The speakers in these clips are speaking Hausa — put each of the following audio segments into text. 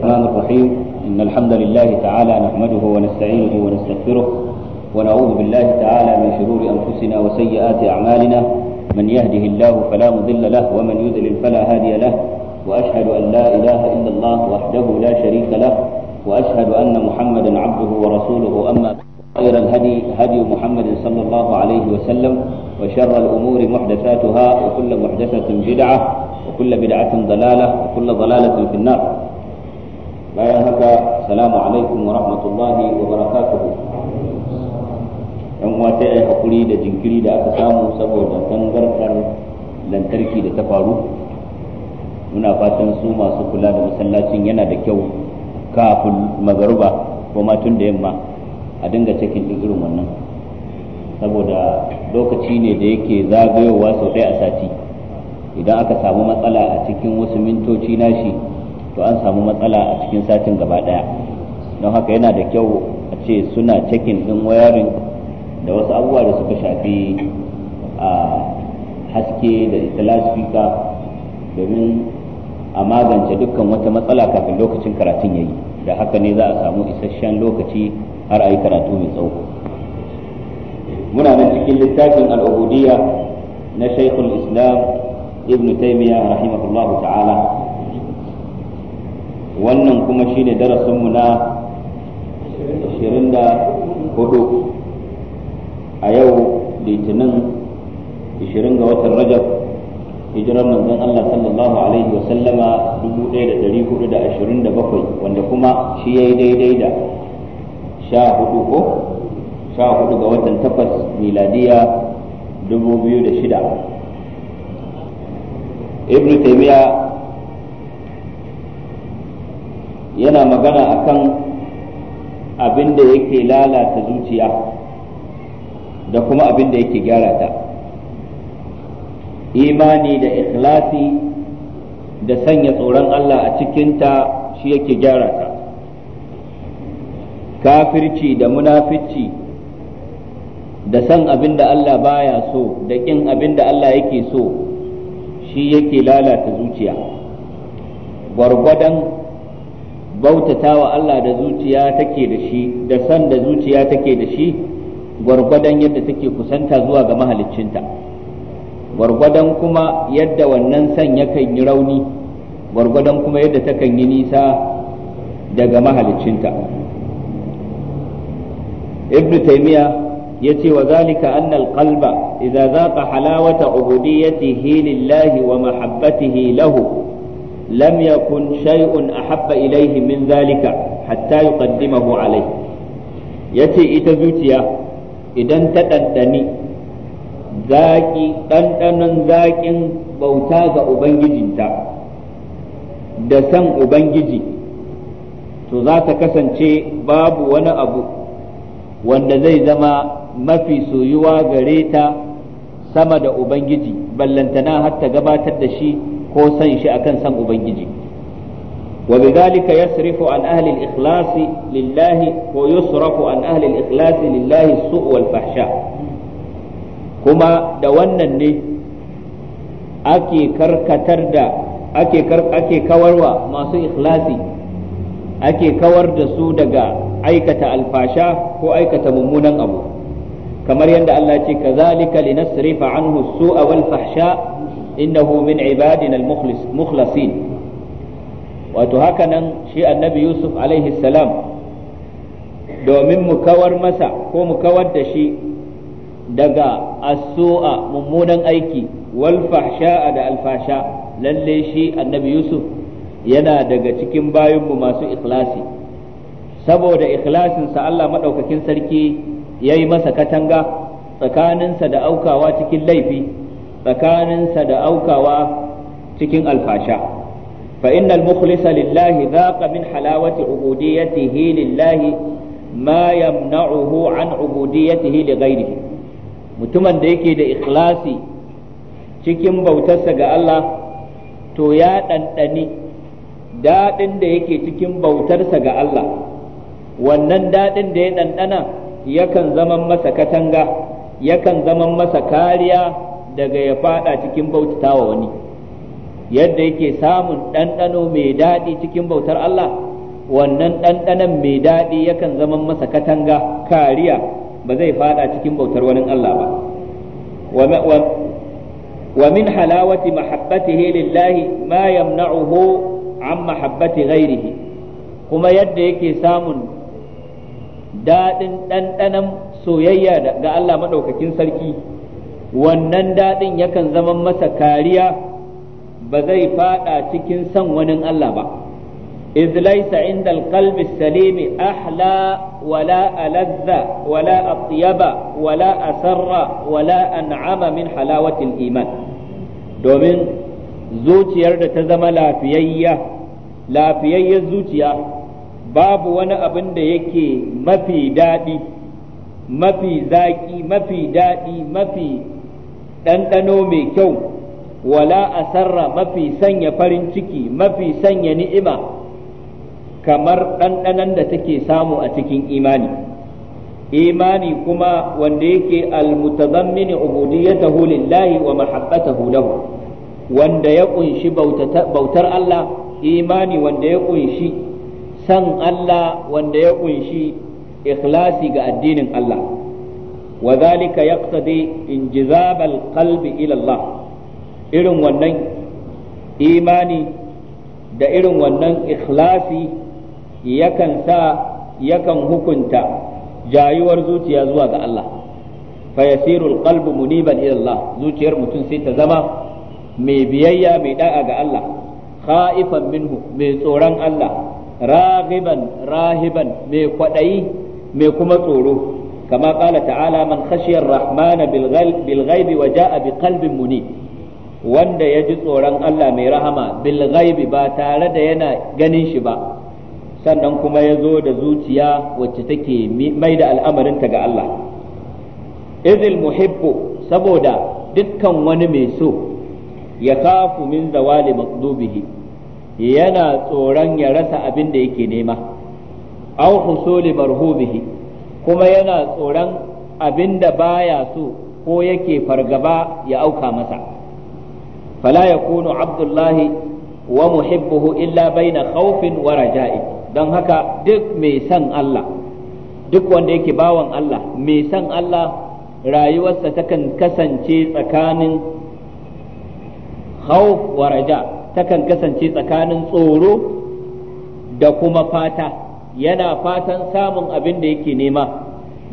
الرحمن الرحيم إن الحمد لله تعالى نحمده ونستعينه ونستغفره ونعوذ بالله تعالى من شرور أنفسنا وسيئات أعمالنا من يهده الله فلا مضل له ومن يضلل فلا هادي له وأشهد أن لا إله إلا الله وحده لا شريك له وأشهد أن محمدا عبده ورسوله أما خير الهدي هدي محمد صلى الله عليه وسلم وشر الأمور محدثاتها وكل محدثة بدعة وكل بدعة ضلالة وكل ضلالة في النار bayan haka salamu alaikum wa rahmatullahi wa barakatuhu yan uwa ta hakuri da jinkiri da aka samu saboda tangarkar lantarki da ta faru muna fatan su masu kula da masallacin yana da kyau kafin magaruba ko matun da yamma a dinga cikin ɗin irin wannan saboda lokaci ne da yake zagayowa sau ɗaya a sati idan aka samu matsala a cikin wasu mintoci nashi to an samu matsala a cikin satin gaba daya don haka yana da kyau a ce suna cikin din wayarin da wasu abubuwa da suka shafi a haske da ita domin a magance dukkan wata matsala kafin lokacin karatun yayi da haka ne za a samu isasshen lokaci har a yi karatu mai tsawo muna nan cikin littafin al'ubudiyya na shaikhul islam ibn taymiyyah rahimahullahu ta'ala wannan kuma shine darasinmu na 24 a yau litinin 20 ga watan rajab hijirar manzon Allah sallallahu alaihi wa sallama 1427 wanda kuma shi yayi daidai da 14 ko 14 ga watan Tafas miladiya 2006 ibnu taymiya yana magana akan abin da yake lalata zuciya da kuma abin da yake gyara ta imani da ikhlasi da sanya tsoron Allah a cikinta shi yake gyara ta kafirci da munafici da san abin da Allah baya so da ƙin abin da Allah yake so shi yake lalata zuciya gwargwadon wa Allah da zuciya take da shi da san da zuciya take da shi gwargwadon yadda take kusanta zuwa ga mahaliccinta gwargwadon kuma yadda wannan san yakan yi rauni gwargwadon kuma yadda takan yi nisa daga mahaliccinta ibn taymiya yace wa zalika anna al idza zaqa halawata ubudiyyatihi lillahi wa mahabbatihi lahu lam yakun shay'un ahabba ilaihi min zalika hatta yuqaddimahu alai yace ita zuciya idan ta ɗanɗani zaƙi ɗanɗanon zaƙin bauta ga ubangijinta da san ubangiji to za ta kasance babu wani abu wanda zai zama mafi soyuwa gare ta sama da ubangiji ballantana har ta gabatar da shi ko san shi akan san ubangiji وبذلك يصرف عن أهل الإخلاص لله ويصرف عن أهل الإخلاص لله السوء والفحشاء كما دوانا ne ake karkatar da ake ake kawarwa masu ikhlasi ake kawar da su daga aikata alfasha ko aikata mummunan abu kamar yadda Allah ce kazalika linasrifa anhu su'a wal fahsha innahu min ibadina al-mukhlasin wato haka shi annabi yusuf alaihi domin mu kawar masa ko mu kawar da shi daga asu'a mummunan aiki wal fahsha'a da alfasha lalle shi annabi yusuf yana daga cikin bayanmu masu ikhlasi saboda ikhlasinsa Allah maɗaukakin sarki ya yi masa katanga tsakaninsa da aukawa cikin laifi tsakaninsa da aukawa cikin alfasha fa innal mukhlisa lillahi dhaqa min halawati ubudiyyatihi lillahi ma yamna'uhu an ubudiyyatihi li ghairihi mutumin da yake da ikhlasi cikin bautarsa ga Allah to ya ɗanɗani daɗin da yake cikin bautarsa ga Allah wannan daɗin da ya ɗanɗana yakan zama masa katanga yakan zama masa kariya daga ya fada cikin bautatawa wani yadda yake samun ɗanɗano mai daɗi cikin bautar Allah wannan ɗanɗanon mai daɗi yakan zama masa katanga kariya ba zai fada cikin bautar wani Allah ba wa min halawati mahabbatihi lillahi ma yamna'uhu an mahabbati ghairihi kuma yadda yake samun daɗin ɗanɗanon soyayya ga Allah maɗaukakin sarki wannan daɗin yakan zama masa kariya ba zai faɗa cikin son wani Allah ba إذ ليس عند القلب السليم أحلى ولا ألذ ولا wala ولا أسر ولا أنعم من حلاوة الإيمان دومين zuciyar da ta zama lafiyayya lafiyayyar zuciya babu wani abin da yake mafi daɗi mafi zaƙi mafi daɗi mafi ɗanɗano mai kyau wala asarra mafi sanya farin ciki mafi sanya ni'ima kamar ɗanɗanon da take samu a cikin imani imani kuma wanda yake almutazammini ubudiyyatahu lillahi wa mahabbatahu lahu wanda ya kunshi bautar Allah imani wanda ya kunshi san Allah wanda ya kunshi ikhlasi ga addinin Allah wa zalika yaqtadi injizabal qalbi ila irin wannan imani da irin wannan ikhlasi yakan sa yakan hukunta jayuwar zuciya zuwa ga Allah fa yasiru alqalbu muniban ila Allah zuciyar mutum sai ta zama mai biyayya mai da'a ga Allah khaifan minhu mai tsoron Allah raghiban rahiban mai kwadayi mai kuma tsoro كما قال تعالى من خشي الرحمن بالغيب وجاء بقلب منيب wanda ya ji tsoron Allah mai rahama bil ghaibi ba tare da yana ganin shi ba sannan kuma ya zo da zuciya wacce take mai da al'amarinta ga Allah izil muhibbu saboda dukkan wani mai so ya kafu min zawali maqdubihi yana tsoron ya rasa abin da yake nema aw husuli marhubihi kuma yana tsoron abin da baya so ko yake fargaba ya auka masa fala kunu abdullahi wa muhibbuhu illa baina khawfin wa raja'i don haka duk mai san Allah duk wanda yake bawan Allah mai san Allah rayuwarsa takan kasance tsakanin khawf wa raja takan kasance tsakanin tsoro da kuma fata yana fatan samun abin da yake nema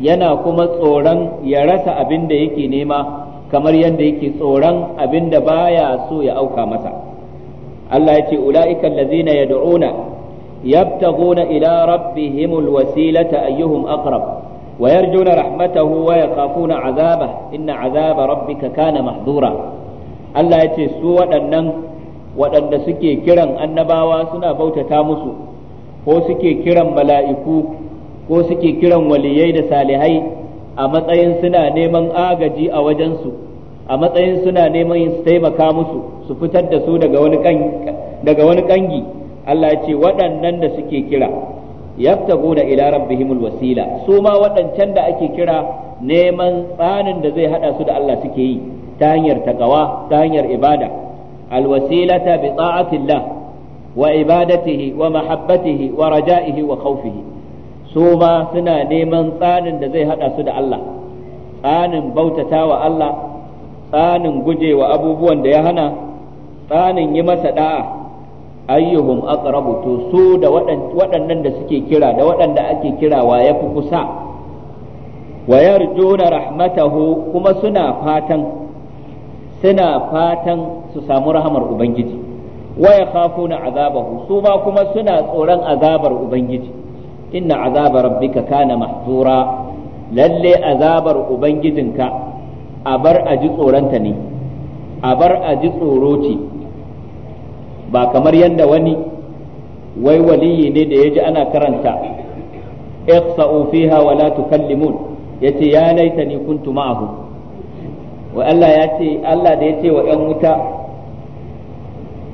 yana kuma tsoron ya rasa abin da yake nema kamar yadda yake tsoron abin da baya so ya auka masa Allah ya ce ula'ikan lazina ya da'una yabtaguna ila rabbihimul wasilata ayyuhum aqrab wa yarjuna rahmatahu wa yakhafuna azaba inna azaba rabbika kana mahdura Allah ya ce su waɗannan waɗanda suke kiran annabawa suna bautata musu ko suke kiran mala'iku ko suke kiran waliyai da salihai a matsayin suna neman agaji a wajensu a matsayin suna neman su taimaka musu su fitar da su daga wani kangi Allah ce waɗannan da suke kira yaftaguna ila rabbihimul wasila su ma waɗancan da ake kira neman tsanin da zai haɗa su da Allah suke yi ta hanyar takawa ta hanyar ibada alwasilata bi ta'atillah wa وعبادته ومحبته ورجائه وخوفه سوما سنا نيمان تسان دا زي da سد الله تسان بوتتا allah tsanin gujewa abubuwan da ya hana tsanin yi masa da'a ayyuhum aqrabu to su da waɗannan da suke kira da waɗanda ake kira wa yafi kusa wa yarjuna rahmatahu kuma suna fatan suna fatan su samu rahamar ubangiji wa na azabahu su ma kuma suna tsoron azabar ubangiji inna azaba rabbika kana mahzura lalle azabar ubangijinka a bar a ji tsoronta ne a bar a ji tsoro ce ba kamar yadda wani wai waliyi ne da ya ji ana karanta iqsa'u fiha wa la tukallimun yace ya laitani kuntu ma'ahu wa Allah ya ce Allah da ya ce wa 'yan wuta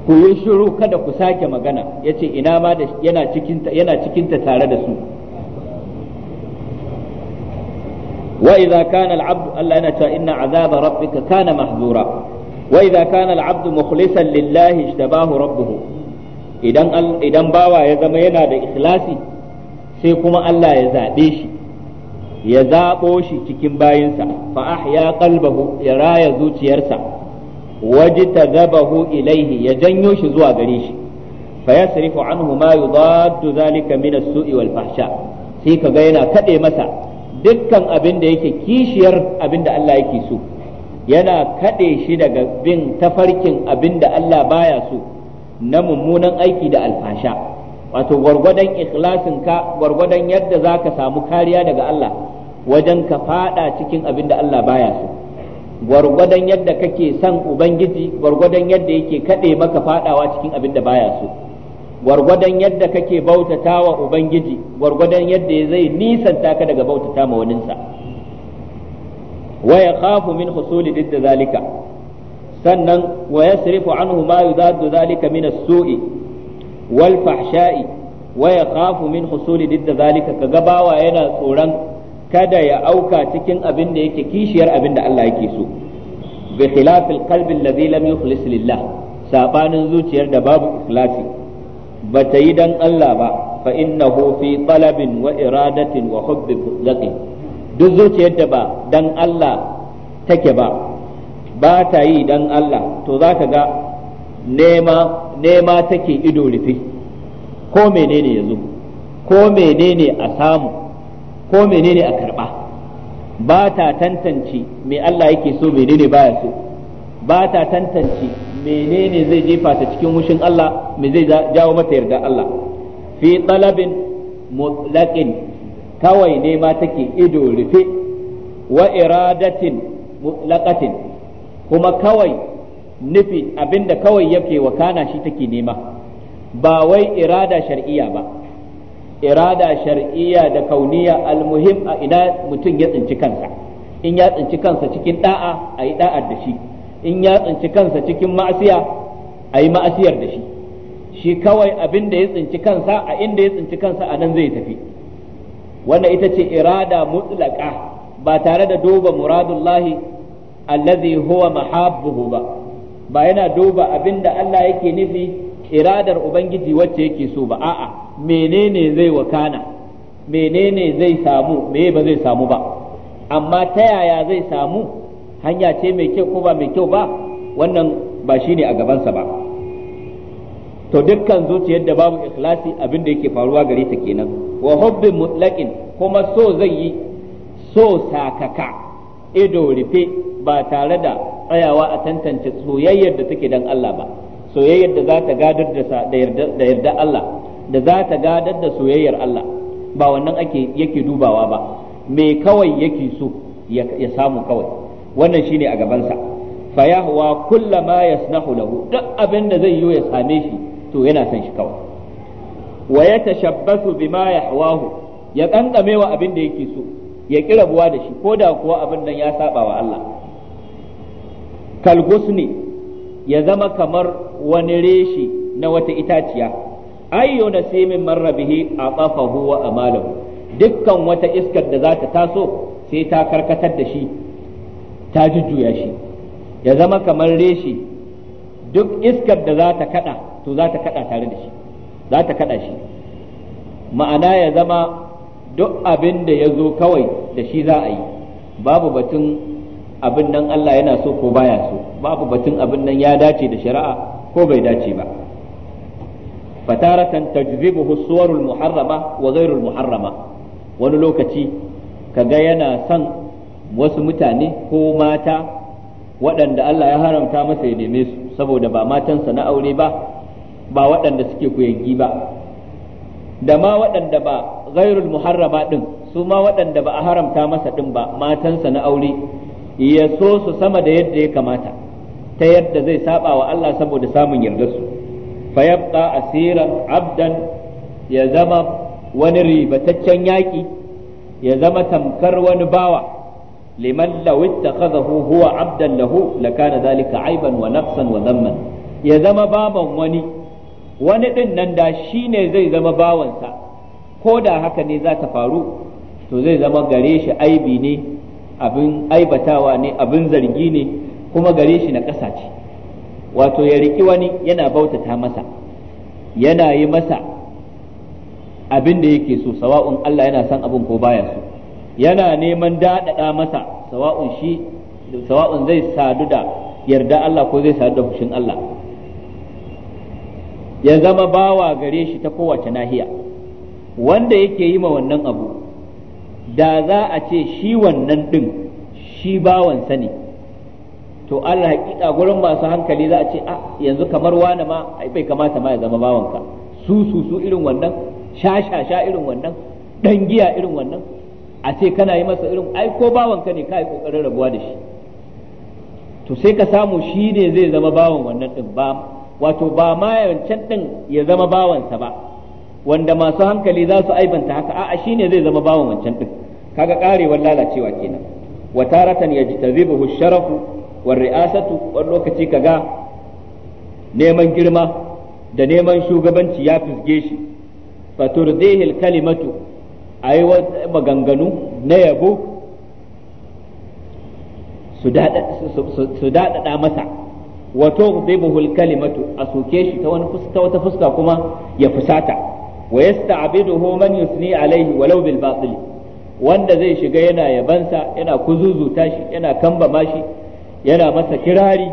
ku yi shiru kada ku sake magana yace ina ma da yana cikinta tare da su wa idza kana al-abd Allah yana cewa inna azaba rabbika kana mahzura wa idza kana al-abd mukhlisan lillahi ijtabahu rabbuhu idan idan bawa ya zama yana da ikhlasi sai kuma Allah ya zabe shi ya shi cikin bayinsa fa ahya raya zuciyarsa wajtagabahu ilaihi ya janyo shi zuwa gare shi fa yasrifu anhu ma yudaddu zalika min as-su'i wal fahsha sai kaga yana kade masa dukkan abin da yake kishiyar abin da Allah yake so yana kaɗe shi daga bin tafarkin abin da Allah baya so na mummunan aiki da alfasha wato gwargwadon ikhlasin ka gwargwadon yadda ka samu kariya daga Allah wajen ka fada cikin abin da Allah baya so gwargwadon yadda kake son ubangiji gwargwadon yadda yake kaɗe maka fadawa cikin abin da baya so gwargwadon yadda kake bautata wa ubangiji gwargwadon yadda ya zai nisanta ka daga bautata ma waninsa wa ya khafu min husuli da zalika sannan sirifu an anhu ma yudaddu zalika min as-su'i wal fahsha'i waya khafu min husuli da zalika kaga bawa yana tsoron kada ya auka cikin abin da yake kishiyar abin da Allah yake so bi khilafil qalbi alladhi lam yukhlis lillah sabanin zuciyar da babu ikhlasi ba ta yi dan Allah ba fa innahu fi talabin wa iradatin wa hubbi duk zuciyar da ba dan Allah take ba ba ta yi dan Allah to zaka ga nema nema take ido rufe ko menene yazo ko menene a samu ko menene a karba ba ta tantance me Allah yake so menene baya so ba ta tantance menene zai jefa ta cikin wushin Allah me zai jawo mata yarda Allah fi talabin mutlaqin kawai ne ma take ido rufe wa iradatin mutlaqatin kuma kawai nufi abinda kawai yake wakana shi take nema ba wai irada shar'iyya ba irada shar'iyya da kauniya almuhim a ina mutum ya tsinci kansa in ya tsinci kansa cikin da'a a yi da shi in ya tsinci kansa cikin ma'asiya a yi ma'asiyar da shi shi kawai abin da ya tsinci kansa a inda ya tsinci kansa a nan zai tafi wannan ita ce irada mutlaka ba tare da duba muradullahi allazi huwa mahabbuhu ba ba yana duba abinda da Allah yake nufi iradar ubangiji wacce yake so ba a'a menene zai wakana menene zai samu meye ba zai samu ba amma ta yaya zai samu hanya ce mai kyau ko ba mai kyau ba wannan ba shi ne a gabansa ba to dukkan zuciyar da babu ikhlasi abin da yake faruwa gare ta kenan wa hubbin mutlaqin kuma so zai yi so sakaka ido rufe ba tare da tsayawa a tantance soyayyar da take dan Allah ba soyayyar da za ta gadar da yarda Allah da za ta gadar da soyayyar Allah ba wannan ake yake dubawa ba me kawai yake so ya samu kawai wannan shine a gabansa fa yahwa kullama yasnahu lahu duk abin da zai yi ya same shi to yana son shi kawai wa yatashabbathu bima yahwahu ya kankame wa abin da yake so ya kirabuwa da shi ko da kuwa abin nan ya saba wa Allah ne ya zama kamar wani reshi na wata itaciya ayyo nasimin marra bihi aqafahu wa amalahu dukkan wata iskar da za ta taso sai ta karkatar da shi ta jujjuya shi ya zama kamar reshi duk iskar da za ta kada to za ta kada tare da shi za ta kada shi ma'ana ya zama duk abin da ya zo kawai da shi za a yi babu batun abin nan Allah yana so ko baya so babu batun abin nan ya dace da shari'a ko bai dace ba fataratan tajzibuhu suwarul muharrama wa ghairul muharrama wani lokaci kaga yana son wasu mutane ko mata waɗanda Allah ya haramta masa ya neme su saboda ba matansa na aure ba ba waɗanda suke kuyangi ba da ma waɗanda ba ghairul muharrama din, su ma waɗanda ba a haramta masa din ba matansa na aure ya so su sama da yadda ya kamata ta yadda zai saba wa Allah saboda samun yarda su fa yabqa asiran abdan ya zama wani ribataccen yaki ya zama tamkar wani bawa liman law ittakhadhahu huwa abdan lahu lakana dhalika aiban wa naqsan wa dhamman ya zama baban wani wani din nan da shine zai zama bawansa ko da haka ne za ta faru to zai zama gare shi aibi ne abin aibatawa ne abin zargi ne kuma gare shi na ƙasa ce wato ya riki wani yana bautata masa yana yi masa abin da yake so sawa'un Allah yana son abin ko baya so yana neman daɗaɗa masa sawa'un shi sawa'un zai sadu da yarda Allah ko zai sadu da fushin Allah ya zama bawa gare shi ta kowace nahiya wanda yake yi ma wannan abu da za a ce shi wannan ɗin shi bawansa ne to Allah hakika gurin masu hankali za a ce a ah, yanzu kamar wani ma ai bai kamata ma ya zama bawanka su su su irin wannan sha sha sha irin wannan dan giya irin wannan a ce kana yi masa irin ai ko bawanka ne kai kokarin rabuwa da shi to sai ka samu shi ne zai zama bawan wannan din ba wato ba ma yancan din ya zama bawansa ba wanda masu hankali za su aibanta haka a'a shi ne zai zama bawan wancan din kaga karewar lalacewa kenan wa taratan yajtazibuhu sharafu war ri'asatu wani lokaci kaga neman girma da neman shugabanci ya fisge shi faturdihil kalimatu ayi maganganu na yabo su daɗaɗa masa wato tughdibuhu kalimatu a soke shi ta wani fuska wata fuska kuma ya fusata wa yasta'biduhu man yusni alaihi walau bil batil wanda zai shiga yana yabansa yana kuzuzuta shi yana kambama shi yana masa kirari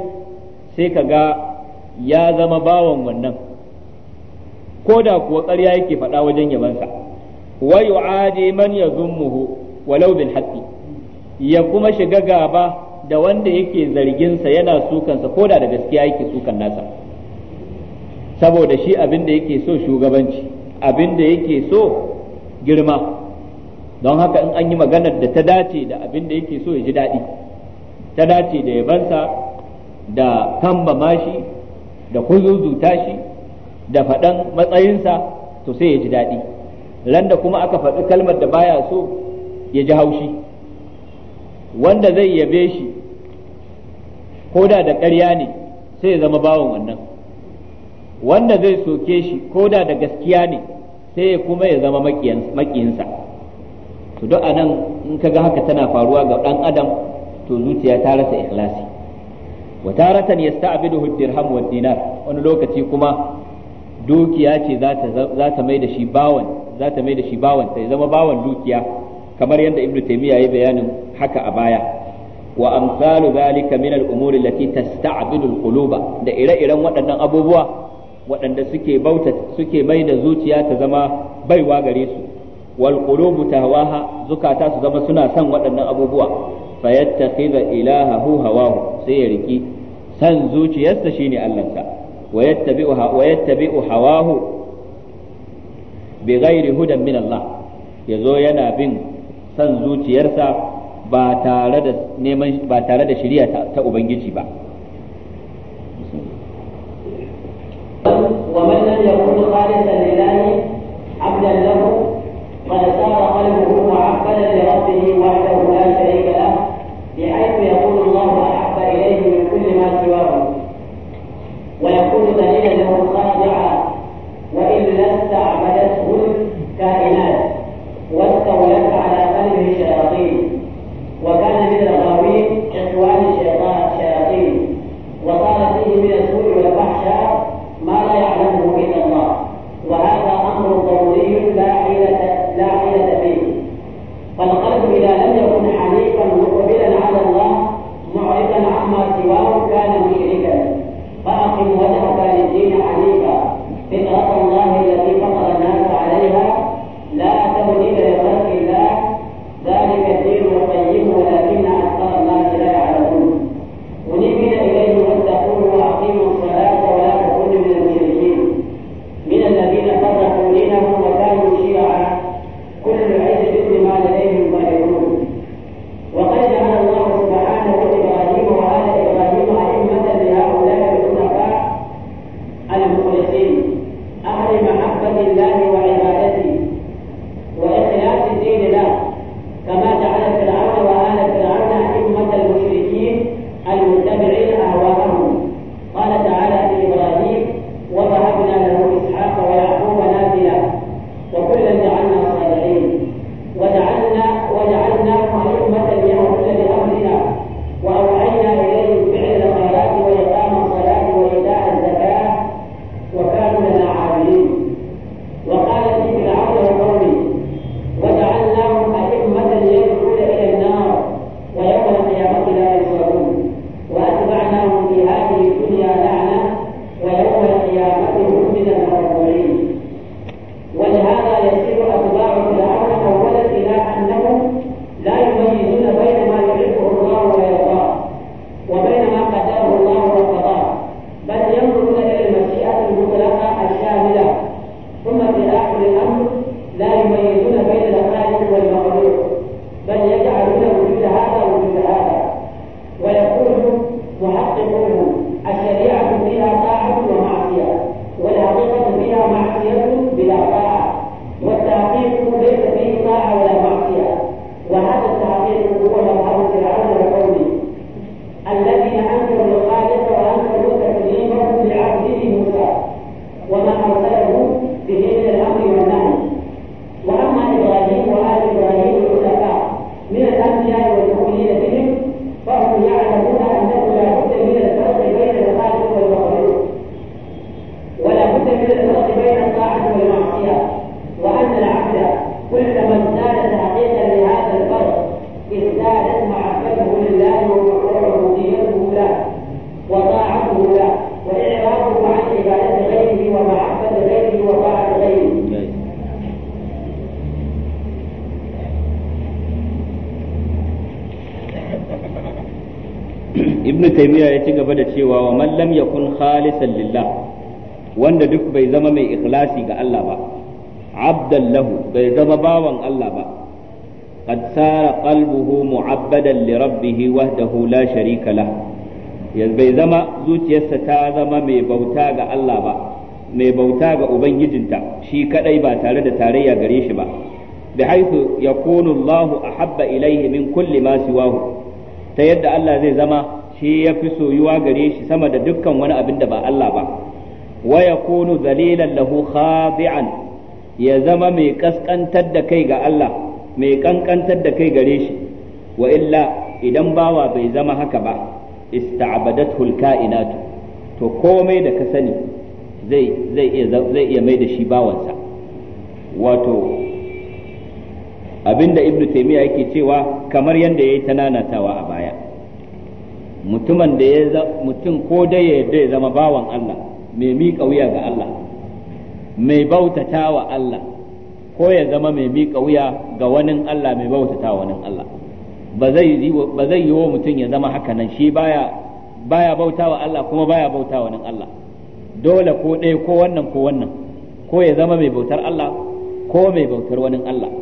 sai ka ga ya zama bawan wannan ko da kuwa ƙarya yake faɗa wajen yabansa wa wa'adi man ya yazummuhu walau laubin hatsi ya kuma shiga gaba da wanda yake zarginsa yana sukansa ko da da gaskiya yake sukan nasa saboda shi abin da yake so shugabanci abin da yake so girma don haka in an yi maganar da ta dace da abin da yake so ya ji daɗi ta dace da yabansa da kambama shi da kuzuzuta shi da faɗan matsayinsa to sai ya ji daɗi randa kuma aka faɗi kalmar da baya so ya ji haushi wanda zai yabe shi ko da ƙarya ne sai ya zama bawan wannan wanda zai soke shi koda da gaskiya ne sai ya kuma ya zama maƙiyinsa to duk nan in ka ga haka tana faruwa ga ɗan adam to zuciya ta rasa ikhlasi wa taratan yasta'biduhu dirham wa dinar wani lokaci kuma dukiya ce za ta mai da shi bawan za ta mai da shi bawan ta zama bawan dukiya kamar yadda ibnu taymiya yayi bayanin haka a baya wa amsalu zalika min al-umuri allati tasta'bidu al-quluba da ire-iren waɗannan abubuwa waɗanda suke bauta suke mai da zuciya ta zama baiwa gare su wal qulubu tahwaha zukata su zama suna son waɗannan abubuwa fayattakhidha ilahahu hawahu sai ya riki san zuciyarsa shine allansa wa yattabi'u wa yattabi'u hawahu bighairi hudan min Allah yazo yana bin san zuciyarsa ba tare da neman ba tare da shari'a ta ubangiji ba ومن لم يكن خالصا ولو كان مشركا فأقم وجهك للدين حنيفا فطرة الله التي ibnu taymiya ya ci gaba da cewa wa man lam yakun khalisan lillah wanda duk bai zama mai ikhlasi ga Allah ba abdan lahu bai zama bawan Allah ba qad sara qalbuhu mu'abbadan li rabbih wahdahu la sharika lah yanzu bai zama zuciyarsa ta zama mai bauta ga Allah ba mai bauta ga ubangijinta shi kadai ba tare da tarayya gare shi ba bihaythu yakunu Allahu ahabba ilayhi min kulli ma siwahu ta yadda Allah zai zama shi ya fi soyuwa gare shi sama da dukkan wani abin da ba Allah ba wa kunu zalilan lahu khadi'an ya zama mai kaskantar da kai ga Allah mai kankantar da kai gare shi wa illa idan bawa bai zama haka ba ista'badathu al-kainatu to komai da ka sani zai zai iya zai iya mai da shi bawansa wato abinda ibnu taymiya yake cewa kamar yadda yayi ta nanatawa a baya mutumin da ya mutum ko da ya zama bawan Allah mai miƙa wuya ga Allah mai bautata wa Allah ko ya zama mai miƙa wuya ga wani Allah mai bautata wa wani Allah ba zai yi wa mutum ya zama haka nan shi baya baya bauta wa Allah kuma baya bauta wa nan Allah dole ko ɗaya ko wannan ko wannan ko ya zama mai bautar Allah ko mai bautar wani Allah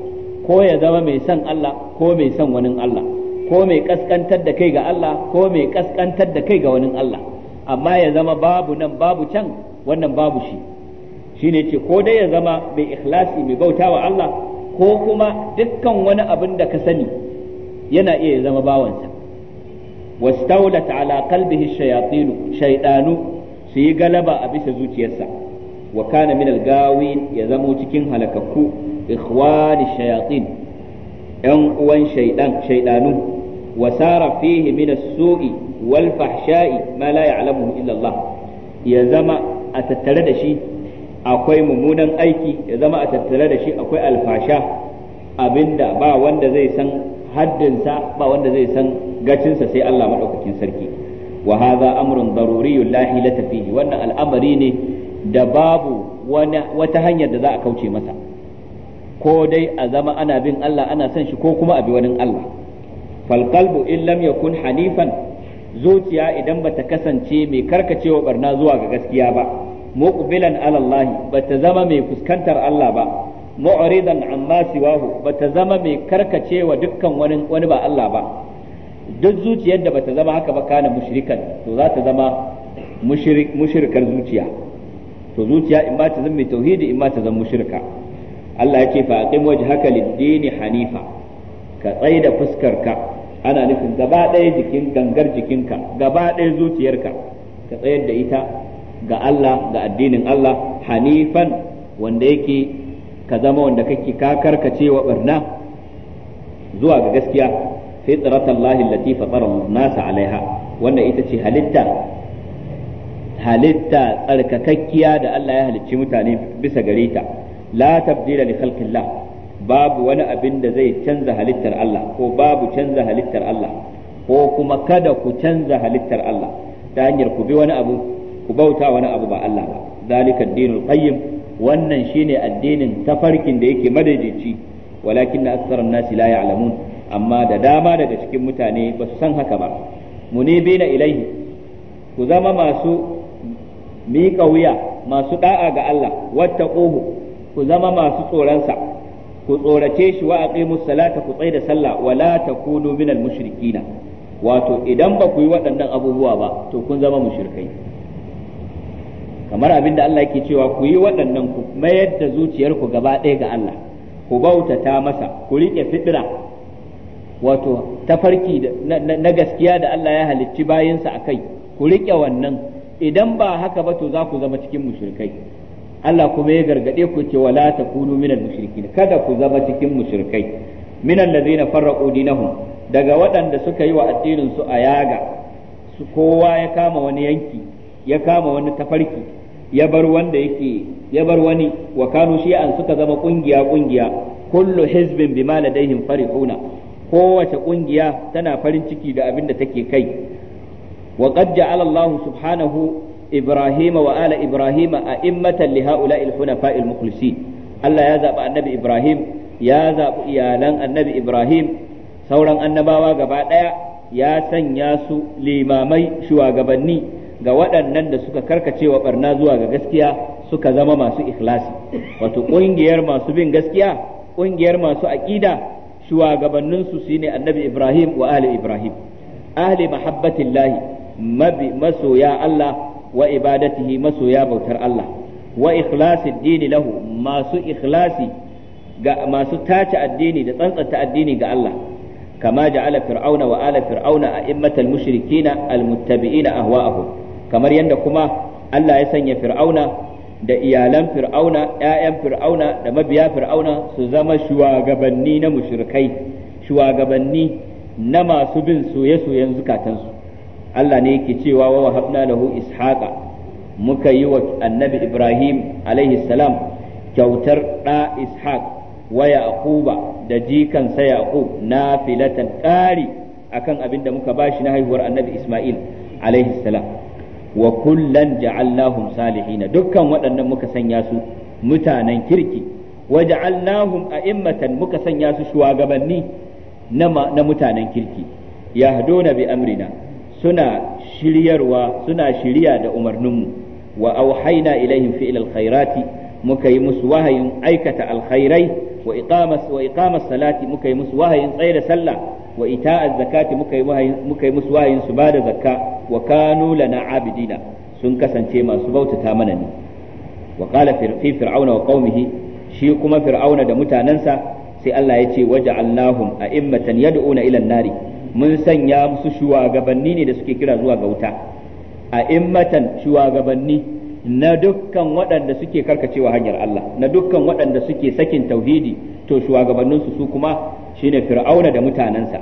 ko ya zama mai son Allah ko mai son wani Allah ko mai kaskantar da kai ga Allah ko mai kaskantar da kai ga wani Allah amma ya zama babu nan babu can wannan babu shi shine ce ko dai ya zama mai ikhlasi mai bautawa Allah ko kuma dukkan wani abin da ka sani yana iya zama bawansa wastaulat ala qalbihi shayatinu shaydanu su yi galaba a bisa zuciyarsa wa kana min al ya zama cikin halakakku ikwani shayatin yan uwan shaiɗanu shaidanu wa sara fihi min wal fahsha'i ma la ya'lamuhu ya zama a tattare da shi akwai mummunan aiki ya zama a tattare da shi akwai alfasha abinda ba wanda zai san haddinsa ba wanda zai san gacinsa sai Allah maɗaukakin sarki wa hadha amrun daruriyyun la hilata wannan al'amari ne da babu wata hanyar da za a kauce masa ko dai a zama ana bin Allah ana son shi ko kuma a bi wani Allah fal in lam yakun hanifan zuciya idan bata kasance mai karkacewa barna zuwa ga gaskiya ba muqbilan ala Allah bata zama mai fuskantar Allah ba mu'ridan amma siwahu bata zama mai karkacewa dukkan wani wani ba Allah ba duk zuciyar da bata zama haka ba kana mushrikan to za ta zama mushrikar zuciya to zuciya in ba ta zama mai tauhidi in ba ta zama mushrika Allah ya ce fa aqim wajhaka lid-din hanifa ka da fuskarka ana nufin gaba ɗaya jikin gangar jikinka gaba ɗaya zuciyarka ka tsayar da ita ga Allah ga addinin Allah hanifan wanda yake ka zama wanda kake kakarka cewa barna zuwa ga gaskiya fitratallahi allati fatara nasa alaiha wanda ita ce halitta halitta tsarkakakkiya da Allah ya halicci mutane bisa gare ta la tabdila li khalqillah babu wani abin da zai canza halittar Allah ko babu canza halittar Allah ko kuma kada ku canza halittar Allah ta hanyar ku ku bauta wani abu ba Allah ba zalika dinul qayyim wannan shine addinin tafarkin da yake madaidaici walakin na aktharun nasi la ya'lamun amma da dama daga cikin mutane ba su san haka ba Mu ne munibina ilaihi ku zama masu miƙa wuya masu ɗa'a ga Allah wata wattaquhu ku zama masu tsoronsa ku tsorace shi wa aqimu salata ku tsai da sallah wala takunu minal mushrikina wato idan ba ku yi waɗannan abubuwa ba to kun zama mushrikai kamar abin da Allah yake cewa ku yi waɗannan ku mayar da zuciyarku gaba ɗaya ga Allah ku bautata masa ku riƙe fitira wato ta farki na gaskiya da Allah ya halicci bayansa a kai ku riƙe wannan idan ba haka ba to za ku zama cikin mushrikai Allah kuma ya gargade ku ce wala takunu minal mushrikin kada ku zama cikin mushrikai minal ladzina farraqu dinahum daga waɗanda suka yi wa addinin su a yaga su kowa ya kama wani yanki ya kama wani tafarki ya bar wanda yake ya bar wani wa kanu shi'an suka zama kungiya kungiya kullu hizbin bima ladaihim farihuna kowace kungiya tana farin ciki da abin da take kai wa qad ja'ala subhanahu إبراهيم وآل إبراهيم أئمة لهؤلاء الحنفاء المخلصين الله ya زاب النبي إبراهيم يا zaɓi iyalan النبي إبراهيم sauran annabawa gaba يا ya sanya su شوى قبني ga waɗannan da suka karkacewa barna zuwa ga gaskiya suka zama masu ikhlasi wato ƙungiyar masu bin gaskiya ƙungiyar masu aƙida shugabanninsu su ne annabi ibrahim wa ibrahim ahli mahabbatillahi mabi masoya allah wa ibadatihi masoya bautar Allah wa ikhlasid dini lahu masu ikhlasi ga masu tace addini da tsantsanta addini ga Allah kama ja'ala fir'auna wa ala fir'auna a'immatal mushrikina almuttabi'ina ahwa'ahum kamar yadda kuma Allah ya sanya fir'auna da iyalan fir'auna ‘ya'yan fir'auna da mabiya fir'auna su zama shugabanni na mushrikai shugabanni na masu bin soye-soyen zukatansu Allah ne yake cewa wa wahabna lahu ishaqa muka yi wa annabi Ibrahim alaihi salam kyautar da ishaq wa yaquba da jikansa yaqub nafilatan qari akan abin da muka bashi na haihuwar annabi Isma'il alaihi salam wa kullan ja'alnahum salihina dukkan waɗannan muka sanya su mutanen kirki wa ja'alnahum a'immatan muka sanya su shugabanni na mutanen kirki yahduna bi amrina suna shiryarwa suna shiriya da umarninmu wa auhaina ilaihim fi'l alkhairati muka yi musu wahayin aikata alkhairai wa iqamas wa iqamas salati muka yi musu wahayin tsaida sallah wa ita'a zakati muka yi wahayin muka yi musu wahayin su bada zakka wa kanu lana abidina sun kasance masu bautata mana ne wa qala fi fir'auna wa qaumihi shi kuma fir'auna da mutanansa sai Allah ya ce waja'alnahum a'immatan yad'una ila an-nari mun sanya musu shugabanni ne da suke kira zuwa ga wuta a immatan shugabanni na dukkan waɗanda suke karkacewa hanyar Allah na dukkan waɗanda suke sakin tauhidi to shugabanninsu su kuma shine fir'auna da mutanansa mutanensa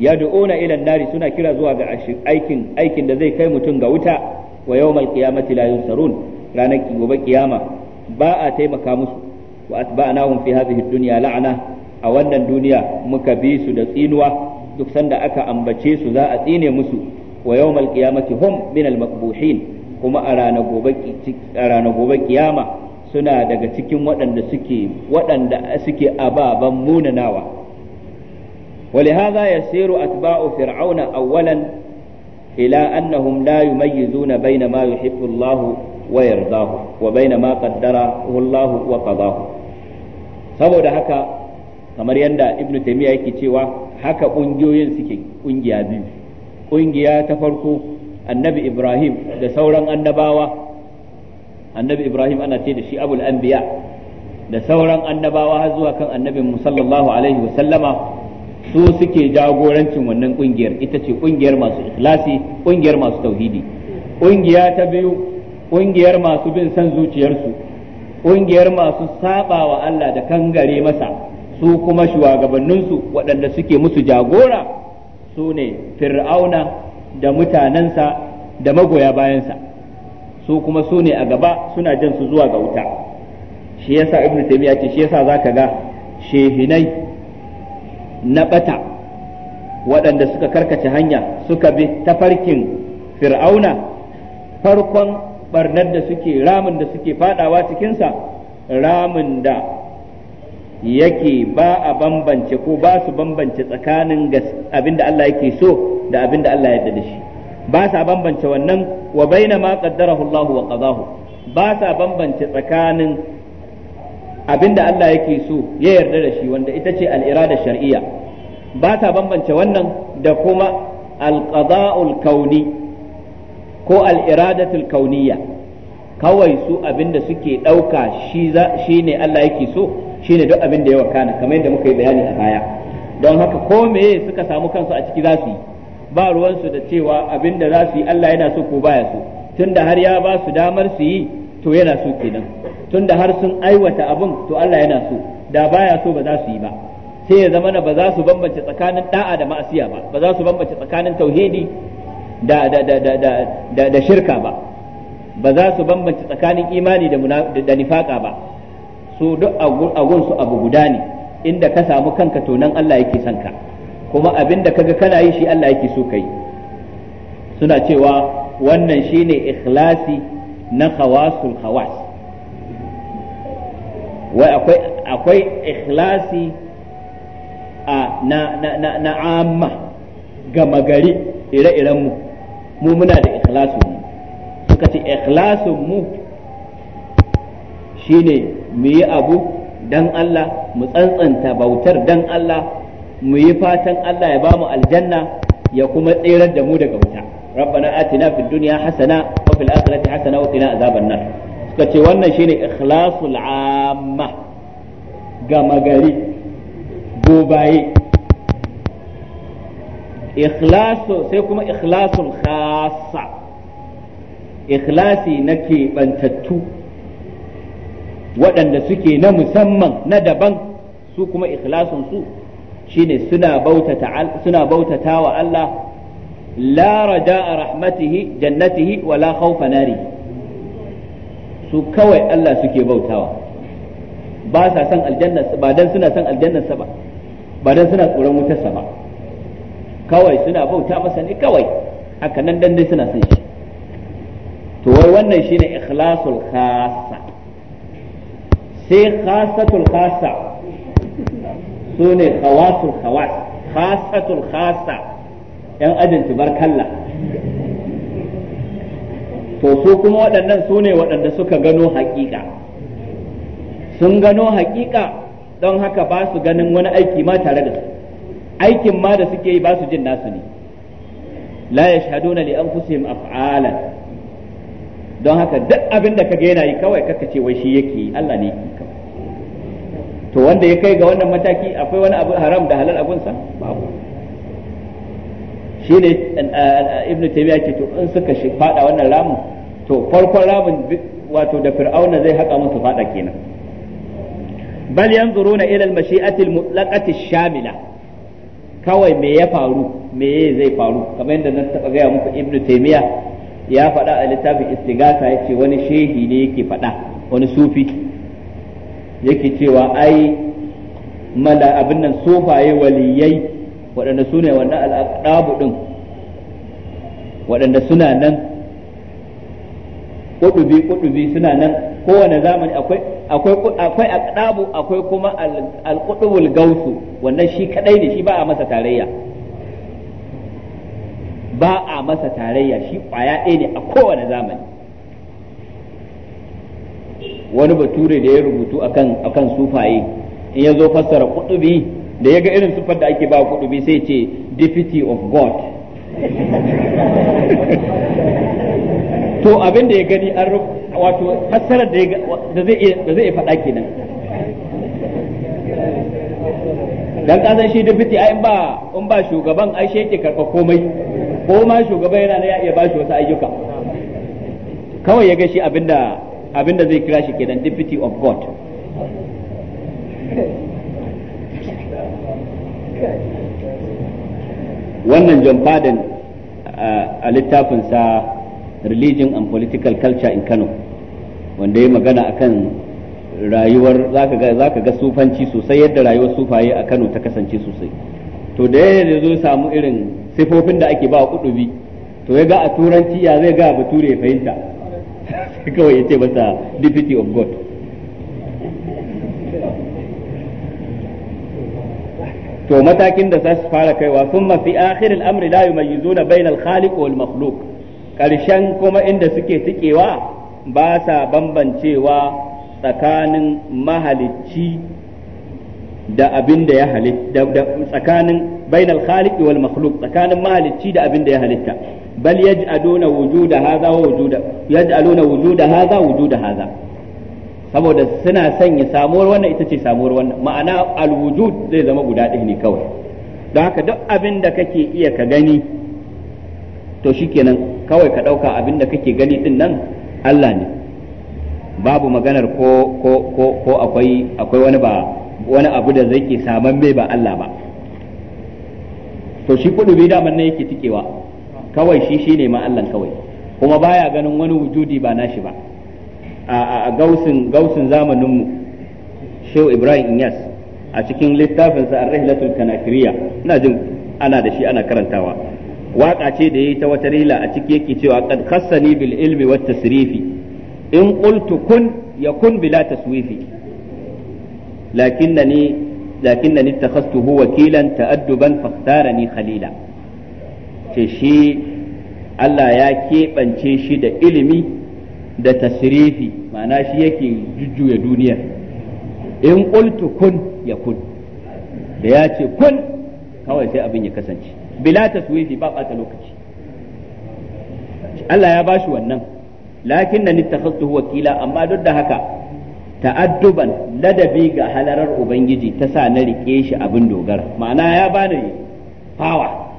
yad'una ila nari suna kira zuwa ga aikin aikin da zai kai mutum ga wuta wa yawmal qiyamati la yunsarun ranar gobe kiyama ba a taimaka musu wa atba'nahum fi hadhihi dunya la'ana a wannan duniya muka bi su da tsinuwa duk sanda aka ambace su za a tsine musu wa yawmal qiyamati hum min al maqbuhin kuma a ranar gobe a ranar gobe kiyama suna daga cikin waɗanda suke waɗanda suke ababan munanawa ولهذا يسير أتباع فرعون أولا إلى أنهم لا يميزون بين ما يحب الله ويرضاه وبين ما قدره الله وقضاه saboda haka kamar yadda ibn taymiya yake cewa haka ƙungiyoyin suke ƙungiya biyu ƙungiya ta farko annabi ibrahim da sauran annabawa annabi ibrahim ana ce da shi abul anbiya da sauran annabawa har zuwa kan annabi musallallahu alaihi sallama su suke jagorancin wannan kungiyar ita ce kungiyar masu ikhlasi kungiyar masu tauhidi kungiya ta biyu kungiyar masu bin san zuciyarsu kungiyar masu saba wa Allah da kangare masa su kuma shugabanninsu waɗanda suke musu jagora su ne fir'auna da mutanensa da magoya bayansa su kuma su ne a gaba suna jan su zuwa ga wuta shi yasa ibnu taymiya ce shi yasa zaka ga shehinai na ɓata waɗanda suka karkace hanya suka bi tafarkin fir'auna farkon ɓarnar da suke ramin da suke fadawa cikinsa ramin da yake ba a bambance ko ba su bambance tsakanin abinda Allah yake so da abinda Allah ya da shi ba sa bambance wannan wa baina ma qaddarahu Allah wa qadahu ba sa bambance tsakanin abinda Allah yake so ya yarda da shi wanda ita ce al-irada shar'iyya ba sa bambance wannan da kuma al-qada'ul kauni ko al-iradatul kauniyya kawai su abinda suke ɗauka shi ne Allah yake so shine duk abin da ya na, kamar yadda muka yi bayani a baya don haka ko meye suka samu kansu a ciki za su yi ba ruwansu da cewa abin da za su yi Allah yana so ko baya so tunda har ya ba su damar su yi to yana so kenan tunda har sun aiwata abin to Allah yana so da baya so ba za su yi ba sai ya zama ba za su bambance tsakanin da'a da ma'asiya ba ba za su bambance tsakanin tauhidi da da da da da da shirka ba ba za su bambance tsakanin imani da da nifaka ba su duk agun su abu guda ne inda ka samu kanka to nan Allah yake son ka kuma abin da kaga kana yi shi Allah yake so kai suna cewa wannan shine ikhlasi na khawasul khawas wai akwai akwai ikhlasi a na na na, na amma gama gari ire-iren mu mu muna da ikhlasu suka ce ikhlasun mu shine mu yi abu dan Allah mu tsantsanta bautar dan Allah mu yi fatan Allah ya bamu aljanna ya kuma tserar da mu daga wuta rabbana atina fid dunya hasana wa fil akhirati hasana wa qina azaban nar suka ce wannan shine ikhlasul amma gama gari gobaye ikhlasu sai kuma ikhlasul khassa ikhlasi na keɓantattu waɗanda suke na musamman na daban su kuma ikhlasin su shine suna bautata suna bautata wa Allah la raja'a rahmatihi jannatihi wala khawfa nari su kawai Allah suke bautawa ba sa san aljanna ba dan suna san aljanna ba ba dan suna tsoron wutar sa ba kawai suna bauta masa ne kawai haka nan dan dai suna san shi to wai wannan shine ikhlasul khas sai khasatul khasa su ne khawasul khawas khasatul khasa yan ajin kalla to su kuma waɗannan su ne waɗanda suka gano haƙiƙa sun gano haƙiƙa don haka ba su ganin wani aiki ma tare da su aikin ma da suke yi ba su jin nasu ne la yashhaduna li anfusihim af'alan don haka duk abin da kaga yana yi kawai kaka ce wai shi yake yi Allah ne yake kawai to wanda ya kai ga wannan mataki akwai wani abu haram da halal abun sa babu shi ne ibn taymiya ce to in suka shi fada wannan ramin to farkon ramin wato da fir'auna zai haka musu fada kenan bal yanzuruna ila al-mashi'ati al-mutlaqati shamila kawai me ya faru me zai faru kamar yadda na taba gaya muku ibn taymiya ya faɗa a littafin istigasa ya ce wani shehi ne yake faɗa wani sufi yake cewa ai mala abin nan sofaye waliyai waɗanda su ne wannan al'adabu ɗin waɗanda suna nan ƙudubi ƙudubi suna nan kowane zamani akwai akwai akdabu akwai kuma al qudubul gausu wannan shi kadai ne shi ba a masa tarayya ba a masa tarayya shi kwaya ɗaya ne a kowane zamani wani bature da ya rubutu akan akan sufaye in ya zo fassara kutubi da ya ga irin sufar da ake ba kutubi sai ce deputy of god to abin da ya gani an wato fassarar da zai iya faɗa kenan dan kasan shi deputy ai in ba in ba shugaban ai shi yake karɓa komai ko ma shugaba yana ya iya bashi wasu ayyuka kawai ya gashi abinda abinda zai kira shi kenan deputy of god wannan john Faden a littafinsa religion and political culture in kano wanda ya magana akan rayuwar zaka ga sufanci sosai yadda rayuwar sufaye a kano ta kasance sosai to da ya zo samu irin sifofin da ake ba kudubi to ya ga a turanci ya zai ga bature fahimta sai kawai ya ce masa deputy of god to matakin da za su fara kaiwa sun mafi akhir al'amri la na bainal khaliq wal makhluq karshen kuma inda suke tikewa ba sa bambancewa tsakanin mahalicci da abin da ya halitta da tsakanin bainal khaliqi wal makhluq tsakanin mahalicci da abin da ya halitta bal yaj'aluna wujuda hadha wa wujuda yaj'aluna wujuda hadha wujuda hadha saboda suna sanya samuwar wannan ita ce samuwar wannan ma'ana alwujud zai zama guda ɗaya ne kawai don haka duk abin da kake iya ka gani to shikenan kawai ka ɗauka abin da kake gani din nan Allah ne babu maganar ko ko ko ko akwai akwai wani ba wani abu da zai ke saman mai ba Allah ba to shi biyu daman ne yake tikewa kawai shi shine ma Allah kawai kuma baya ganin wani wujudi ba nashi ba a gausin gausin zamanin mu Shehu Ibrahim Inyas a cikin littafinsa Ar-Rihlatul Kanakiriya ina jin ana da shi ana karantawa waka ce da yayi ta wata rila a ciki yake cewa qad khassani bil ilmi wat tasrifi in qultu kun yakun bila taswifi lakinnani lakinnani takhastuhu wakilan ta'adduban fakhtarani khalila ce shi Allah ya keɓance shi da ilimi da tasrifi ma'ana shi yake jujjuya duniya in qultu kun yakun da ya ce kun kawai sai abin ya kasance bila taswifi ba ɓata lokaci Allah ya bashi wannan lakin na nittakhadtuhu wakila amma duk da haka ta'adduban ladabi ga halarar ubangiji ta sa na rike shi abin dogara ma'ana ya bani fawa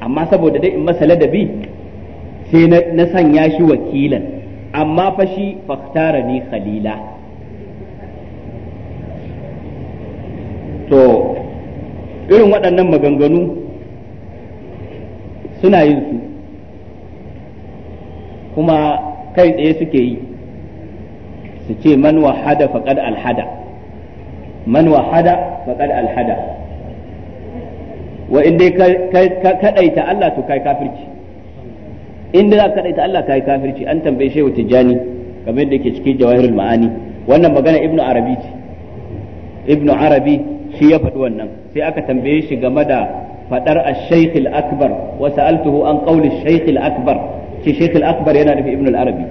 amma saboda dai in masa ladabi sai na sanya shi wakilan amma fa shi faktara ni khalila to irin waɗannan maganganu suna yin su kuma kai tsaye suke yi su ce man wahada faqad alhada man wahada faqad alhada wa in ka kadaita Allah to kai kafirci ka kadaita Allah kai kafirci an tambaye shehu tijani kamar yadda yake cikin jawahirul ma'ani wannan magana ibnu arabi ce ibnu arabi shi ya faɗi wannan sai aka tambaye shi game da faɗar ash-shaykh al-akbar wa sa'altuhu an qawli ash-shaykh al-akbar shi shaykh al-akbar yana nufi ibnu arabi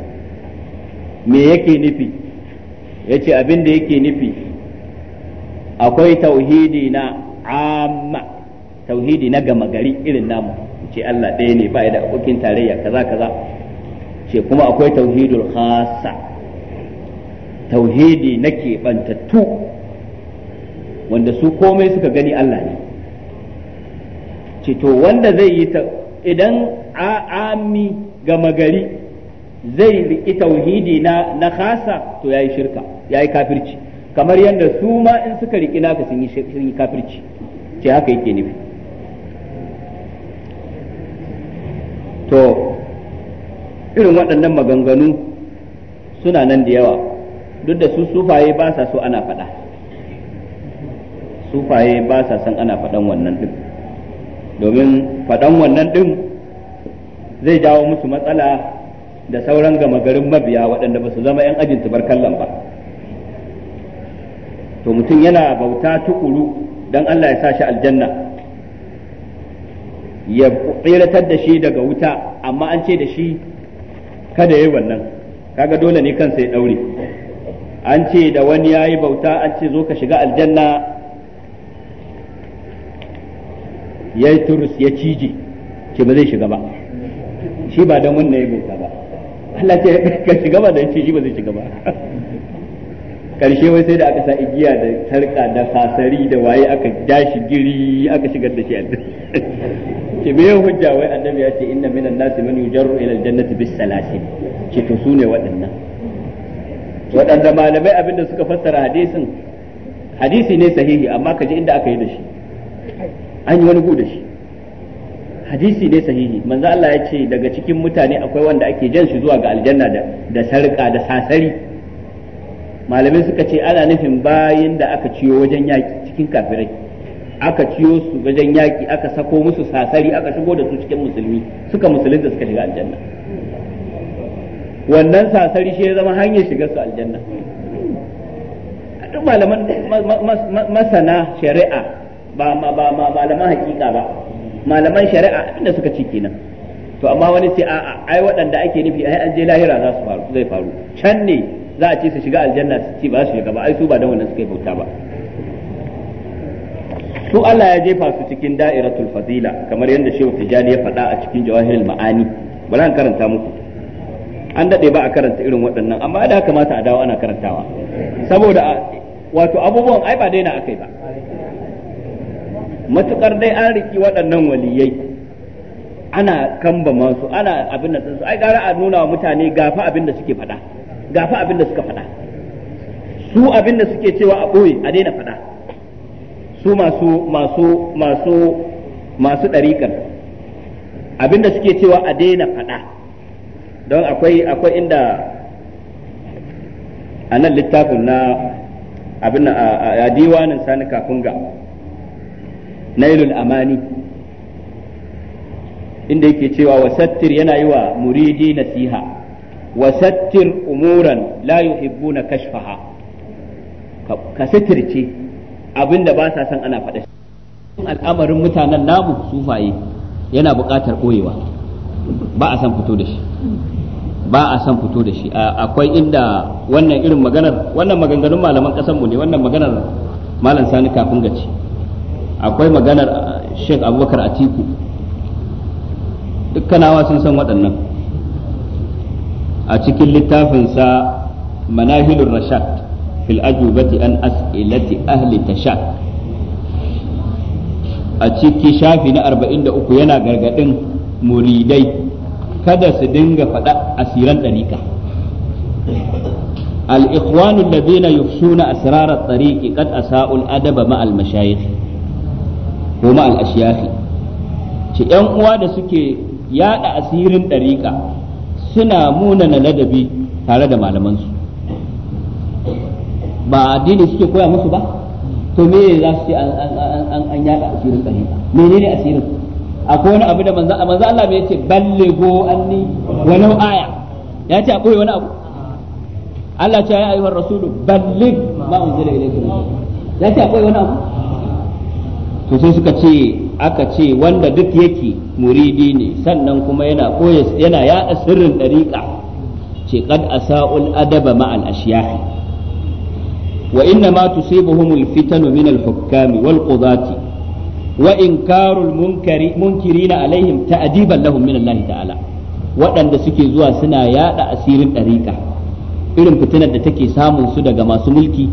me yake nufi yace abin da yake nufi akwai tauhidi na amma tauhidi na gama gari irin namu ce Allah ɗaya ne ba da abokin tarayya kaza kaza ce kuma akwai tauhidul khasa tauhidi na keɓantattu wanda su komai suka gani Allah ne ce to wanda zai yi ta idan a'ami gama gari zai riƙi tauhidi na na khasa to yayi shirka yayi kafirci kamar yadda su ma in suka riƙi naka sun yi kafirci ce haka yake nufi to irin waɗannan maganganu suna nan da yawa duk da su sufaye ba sa so ana faɗa sufaye ba sa son ana faɗan wannan ɗin domin faɗan wannan ɗin zai jawo musu matsala da sauran gama garin mabiya waɗanda ba su zama 'yan ajin kallon ba to mutum yana bauta tukuru don Allah ya sa shi aljanna ya tsiratar da shi daga wuta amma an ce da shi kada ya yi wannan kaga dole ne kansa ya ɗaure an ce da wani ya yi bauta an ce zo ka shiga aljanna ya yi turus ya cije ba zai shiga ba shi ba don wannan ya bauta ba Allah ce ka shiga ba da ce shi ba zai shiga ba karshe wai sai da aka sa igiya da sarka da fasari da waye aka dashi giri aka shigar da shi a ce me yau hujja wai annabi ya ce inna minan nasi man yujarru ila aljannati bis salasin ce to ne waɗannan waɗanda malamai abinda suka fassara hadisin hadisi ne sahihi amma kaji inda aka yi da shi an yi wani gu da shi hadisi ne sahihi manzo Allah ya ce daga cikin mutane akwai wanda ake jan shi zuwa ga aljanna da da sarka da sasari malamai suka ce ana nufin bayin da aka ciyo wajen yaki cikin kafirai aka ciyo su wajen yaki aka sako musu sasari aka shigo da su cikin musulmi suka da suka shiga aljanna wannan sasari shi ya zama hanyar shiga su aljanna duk malaman masana shari'a ba ma ba ma malaman hakika ba malaman shari'a inda suka ci kenan to amma wani ce a'a ai waɗanda ake nufi ai an je lahira za su faru zai faru can ne za a ce su shiga aljanna su ci ba su shiga ba ai su ba dan wannan suka yi bauta ba su Allah ya jefa su cikin da'iratul fadila kamar yadda Shehu Tijani ya faɗa a cikin Jawahirul Ma'ani ba zan karanta muku an daɗe ba a karanta irin waɗannan amma da kamata a dawo ana karantawa saboda wato abubuwan ai ba daina akai ba matukar dai an riki waɗannan waliyai ana kamba masu ana abin da su ai gara a nuna wa mutane gafa abin da suke faɗa gafa abin da suka faɗa su abin da suke cewa a ɓoye a daina faɗa su masu masu masu masu ɗarikar, abin da suke cewa a daina faɗa don akwai akwai inda a nan littafin na abin a diwanin sani kafin ga nailul amani inda yake cewa wasattir yana yi wa muridi nasiha wasattir umuran la yuhibbuna kashfaha ka sitirce abinda ba sa son ana faɗa al'amarin mutanen namu sufaye yana buƙatar ɓoyewa ba a san fito da shi ba a san fito da shi akwai inda wannan irin maganar wannan maganganun malaman kasanmu ne wannan maganar malam sani kafin gaci akwai maganar ah, Sheikh Abubakar Atiku dukkanawa sun san waɗannan a cikin littafinsa manahilun rashad fil ajubati an as'ilati ahli tashak a ciki shafi na 43 yana gargadin muridai kada su dinga faɗa asiran ɗariƙa al-ikhwanu alladhina yufshuna asrar at-tariqi qad asa'u al-adaba ma al-mashayikh ko ma al-ashyakhi ce yan uwa da suke yada asirin ɗariƙa suna munana ladabi tare da malamansu ba addini suke koya musu ba to me za su ce an yada asirin ɗariƙa menene asirin akwai wani abu da manzo manzo Allah bai ce ballego anni walau aya ya ce akwai wani abu Allah ce ya ayyuhar rasulu ballig ma unzila ilayka ya ce akwai wani abu to sai suka ce aka ce wanda duk yake muridi ne sannan kuma yana koya yana ya sirrin dariqa ce qad asa'ul adaba ma'al ashyah wa inna ma tusibuhumul fitanu min al wal qudati wa inkarul munkari munkirina alaihim ta'diban lahum min Allah ta'ala waɗanda suke zuwa suna yada asirin dariqa irin fitinar da take samun su daga masu mulki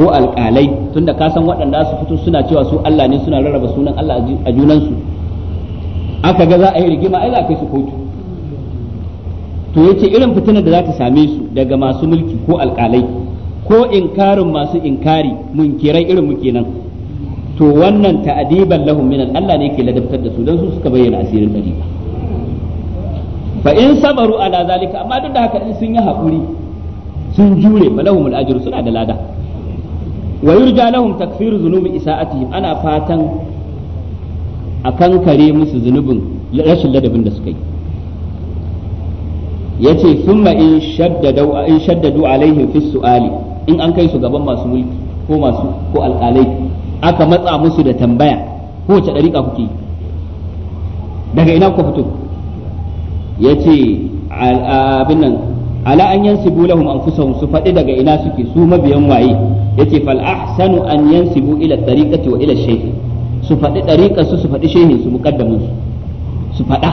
ko alƙalai tunda ka san waɗanda su fito suna cewa su Allah ne suna rarraba sunan Allah a junansu aka ga za a yi rigima ai za kai su kotu to yace irin fitinar da za ta same su daga masu mulki ko alƙalai ko inkarin masu inkari munkirai irin mu kenan to wannan ta'adiban lahum min Allah ne yake ladabtar da su dan su suka bayyana asirin dariba fa in sabaru ala zalika amma duk da haka in sun yi haƙuri sun jure fa lahumul ajru suna da lada wa yurja lahum takfiru dhunubi isa'atihim ana fatan a kankare musu zunubin rashin ladabin da suka yi yace thumma in shaddadu in shaddadu alaihim fi su'ali in an kai su gaban masu mulki ko masu ko alƙalai aka matsa musu da tambaya ko wace dariƙa kuke daga ina ku fito yace abin nan ala an yansibu lahum anfusahum su faɗi daga ina suke su mabiyan waye yace fal ahsanu an yansibu ila tariqati wa ila shaykh su faɗi tariqar su su faɗi shehin su muqaddamin su su faɗa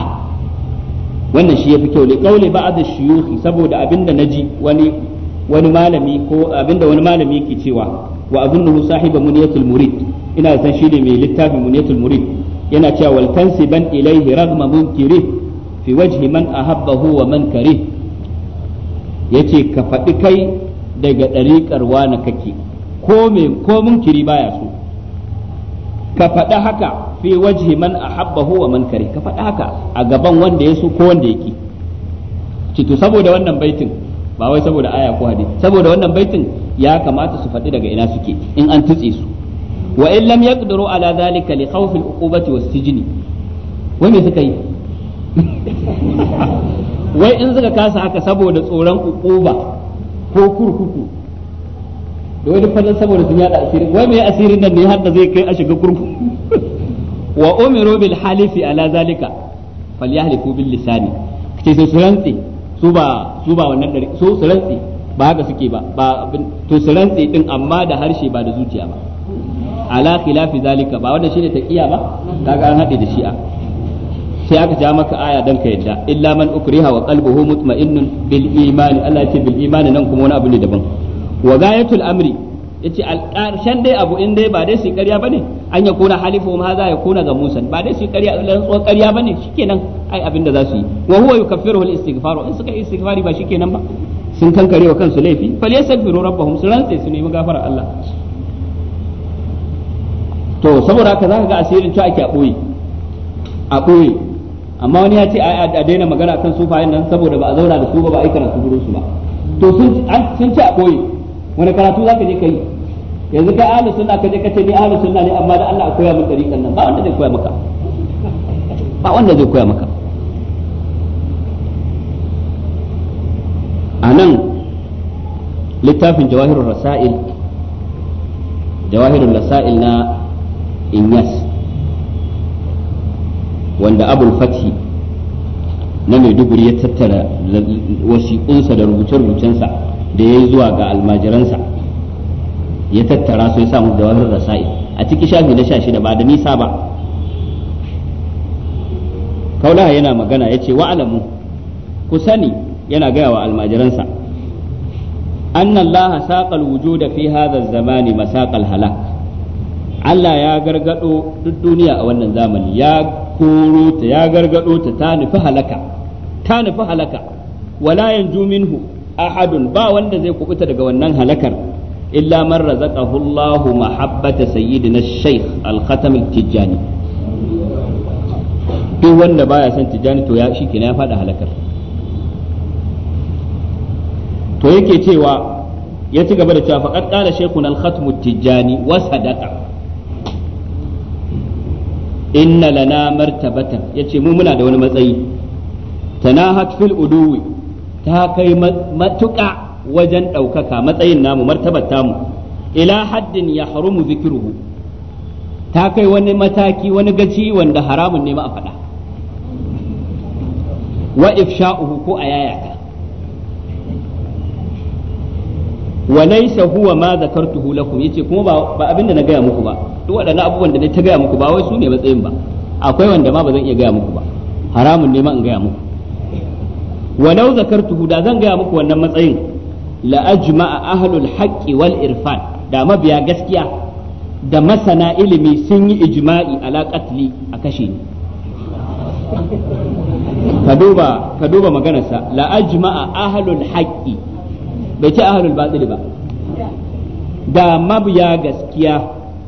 wannan shi yafi kyau li qawli ba'd ash-shuyukh saboda abinda naji wani wani malami ko abinda wani malami yake cewa wa abunnu sahiba muniyatul murid ina san shi ne mai littafin muniyatul murid yana cewa wal tansiban ilayhi raghma munkirih fi wajhi man ahabbahu wa man karih yace ka faɗi kai daga ɗariƙar wani kake ko komin kiri baya so ka faɗi haka fi waje man a ahabbahu wa man kare ka faɗi haka a gaban wanda ya so ko wanda yake cito saboda wannan baitin ba wai saboda aya ko hadisi saboda wannan baitin ya kamata su faɗi daga ina suke in an tutse su wa in lam yaqdiru ala dhalika li khawfi al-uqubati was-sijni wani suka yi wai in suka kasa haka saboda tsoron ukuba ko kurkuku da wani fannin saboda sun yada asiri wai mai asirin nan ne har da zai kai a shiga kurkuku wa umiru bil halifi ala zalika falyahlifu bil lisani kace sai su rantsi su ba su ba wannan dare su su rantsi ba haka suke ba ba to su rantsi din amma da harshe ba da zuciya ba ala khilafi zalika ba wanda shine taqiya ba kaga an hade da shi'a sai aka ja maka aya dan ka yadda illa man ukriha wa qalbuhu mutma'innun bil iman Allah ya ce bil iman nan kuma wani abu ne daban wa gayatul amri yace alƙarshen dai abu in dai ba dai shi ƙarya bane an ya kuna halifu ma za ya kuna ga Musa ba dai su ƙarya rantsuwar ƙarya bane shikenan ai abin da za su yi wa huwa yukaffiruhu al istighfar in suka yi istighfari ba shikenan ba sun kankare wa kansu laifi falyastaghfiru rabbahum su rantse su nemi gafara Allah to saboda haka zaka ga asirin cewa ake a ɓoye a ɓoye amma wani ya ce a daina magana kan sufayen nan saboda ba a zauna da su ba ba a yi karatu gurin su ba to sun ce a koyi wani karatu za ka je ka yi yanzu kai ahlus sunna ka je ka ce ni ahlus sunna ne amma da Allah a koya min kan nan ba wanda zai koya maka ba wanda zai koya maka a nan littafin jawahirul rasail jawahirul rasail na inyas wanda abul fathi na maiduguri ya tattara wasiƙunsa da rubuce-rubucensa da ya yi zuwa ga almajiransa ya tattara su ya samu da wani rasa'i a ciki shafi na sha shida ba da nisa ba kaulaha yana magana ya ce wa'alamu ku sani yana gaya wa almajiransa an laha saƙal da fi hadha zamani masaƙal halak Allah ya gargado duk duniya a wannan zamani ya koro ta ya gargado ta ta nufi halaka ta nufi halaka wala yanju minhu ahadun ba wanda zai kubuta daga wannan halakar illa man razaqahu Allah mahabbata sayyidina Sheikh Al-Khatam Al-Tijani duk wanda baya son Tijani to ya shikenan ya fada halakar to yake cewa ya ci gaba da cewa faqad qala Sheikhun Al-Khatam Al-Tijani wa sadaqa inna lana martabatan yace mu muna da wani matsayi tanahat fil uduwi ta kai matuƙa wajen ɗaukaka matsayin namu martabar tamu ila haddin ya harumu zikiruhu ta kai wani mataki wani gaci wanda haramun ne ma a faɗa wa ifsha'uhu ko a yayata wa laysa huwa ma zakartuhu lakum yace kuma ba abinda na gaya muku ba duk waɗannan abubuwan da ne ta gaya muku ba wai su ne matsayin ba akwai wanda ma bazan iya gaya muku ba haramun ne ma in gaya muku walau zakartuhu da zan gaya muku wannan matsayin la ajma'a ahlul haqqi wal irfan da mabiya gaskiya da masana ilimi sun yi ijma'i ala qatli a kashe ni ka duba ka duba maganarsa la ajma'a ahlul haqqi bai ce ahlul batil ba da mabiya gaskiya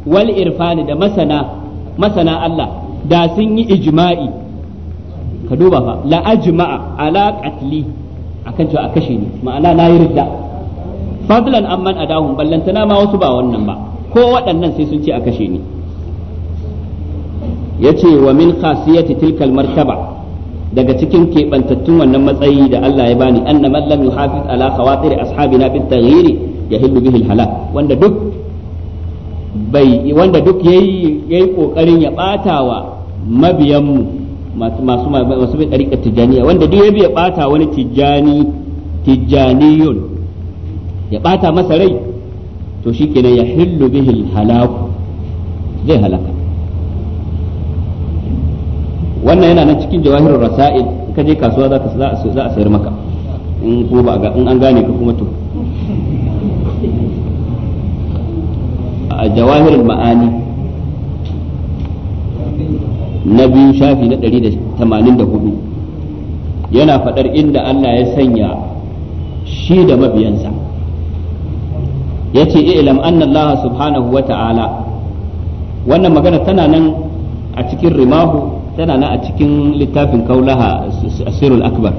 wal irfani da masana masana Allah da sun yi ijma'i ka duba fa la ajma'a ala qatli akan cewa a kashe ni ma'ana na yi ridda fadlan amman adahum ballantana ma wasu ba wannan ba ko waɗannan sai sun ce a kashe ni yace wa min khasiyati tilkal martaba daga cikin keɓantattun wannan matsayi da Allah ya bani anna man lam yuhafiz ala khawatir ashabina bit taghyir yahillu bihi al halak wanda duk bai wanda duk yayi yayi kokarin ya batawa mabiyan mu masu masu masu bin dariƙar tijaniya wanda duk yayi ya bata wani tijani tijaniyun ya bata masa rai to shikenan yahillu bihi al halak zai halaka wannan yana nan cikin jawahirar rasa'id ka je kasuwa za a sayar maka in ko ba ga in an gane ka kuma to a jawahirar ma'ani na biyu shafi na 184 yana fadar inda Allah ya sanya shi da mabiyansa yace i'lam anna Allah subhanahu wa ta'ala wannan magana tana nan a cikin rimahu tana na a cikin littafin kaulaha asirul akbar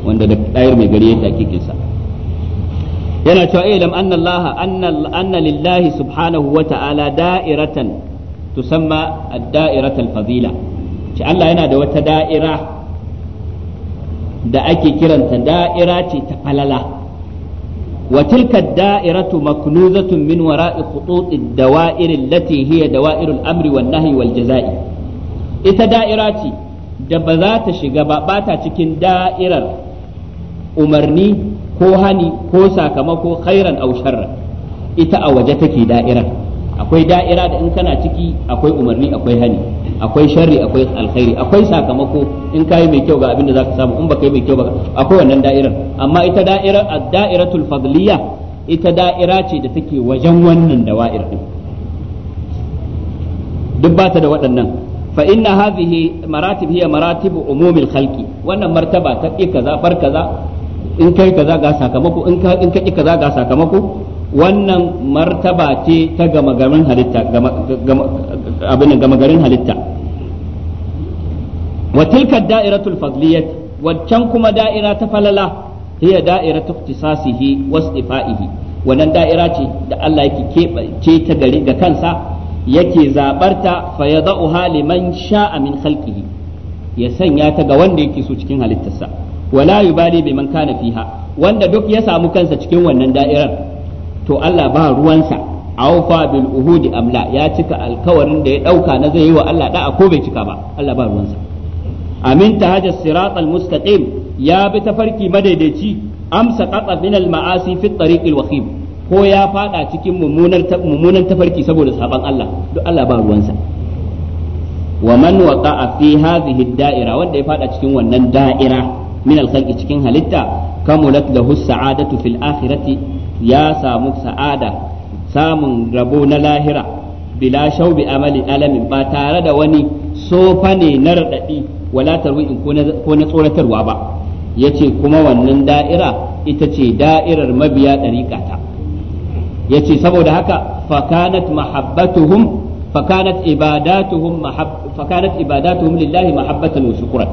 wanda da ɗayar mai gari ya taƙiƙin sa yana cewa ilam eh, anna allaha anna lillahi subhanahu wa ta'ala da'iratan tusamma ad al fadila ce Allah yana da wata da'ira da ake kiranta da'ira ce ta falala وتلك الدائرة مكنوزة من وراء خطوط الدوائر التي amri دوائر الأمر والنهي والجزاء ita da'ira ce da ba za ta shiga ba ba ta cikin da'irar umarni ko hani ko sakamako khairan aw sharra ita a waje take da'irar akwai da'ira da in kana ciki akwai umarni akwai hani akwai sharri akwai alkhairi akwai sakamako in kai mai kyau ga abin da zaka samu in baka yi mai kyau ba akwai wannan da'irar amma ita da'irar ad-da'iratul fadliyah ita da'ira ce da take wajen wannan dawa'ir din duk ba ta da waɗannan fa inna hadhihi maratib hiya maratib umumil khalqi wannan martaba ta ki kaza bar kaza in kai kaza ga sakamako in ka ki kaza ga sakamako wannan martaba ce ta gama garin halitta abin gama garin halitta wa tilka da'iratul fadliyat waccan kuma da'ira ta falala hiya da'iratu ikhtisasihi wasifaihi wannan da'ira ce da Allah yake ta gari ga kansa yake zabarta fa yad'uha liman sha'a min khalqihi ya sanya ta ga wanda yake so cikin halittarsa wala yubali biman kana fiha wanda duk ya samu kansa cikin wannan da'irar to Allah ba ruwansa awfa bil uhudi amla ya cika alkawarin da ya dauka na zai yi wa Allah da'a ko bai cika ba Allah ba ruwansa amin tahaja sirat al mustaqim ya bi tafarki madaidaici amsa qata min al ma'asi fi at-tariq wakhim ko ya fada cikin mummunan tafarki saboda saban Allah duk Allah ba ruwansa wa man waqa'a fi hadhihi da'ira wanda ya fada cikin wannan da'ira min al-khalqi cikin halitta kamulat lahu sa'adatu fil akhirati ya samu sa'ada samun rabo na lahira bila shaubi amali alamin ba tare da wani sofa ne na raɗaɗi wala tarwi'in ko na tsoratarwa ba yace kuma wannan da'ira ita ce da'irar mabiya ɗariƙata yace saboda haka fakanat mahabbatuhum fakanat ibadatuhum fakanat ibadatuhum lillahi mahabbatan wa shukran